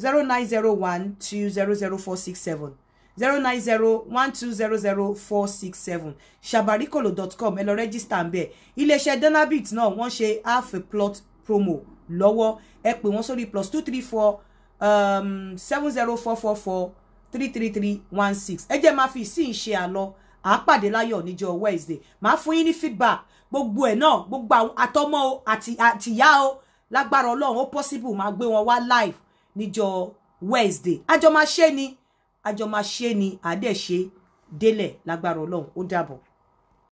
zero nine zero one two zero zero four six seven zero nine zero one two zero zero four six seven Shabarikolo dot com. ẹ lọ rẹ́gísítà ń bẹ̀ iléeṣẹ́ donabit náà wọ́n ṣe half a plot promo lọ́wọ́ ẹ pè wọ́n sórí plus two three four um, seven zero four four four three three three one six ẹ jẹ́ máa fi sí ìṣe àlọ́ àápàdé láyọ̀ níjọ́ wednesday máa fún yín ní feedback gbogbo ẹ̀ náà gbogbo àtọmọ́ o àtìyá o lágbára ọlọ́run ó possible máa gbé wọn wá live níjọ́ wednesday àjọ máa ṣe ni àjọ máa ṣe ni àdẹ̀ ṣe délẹ̀ lágbára ọlọ́run ó dàbọ̀.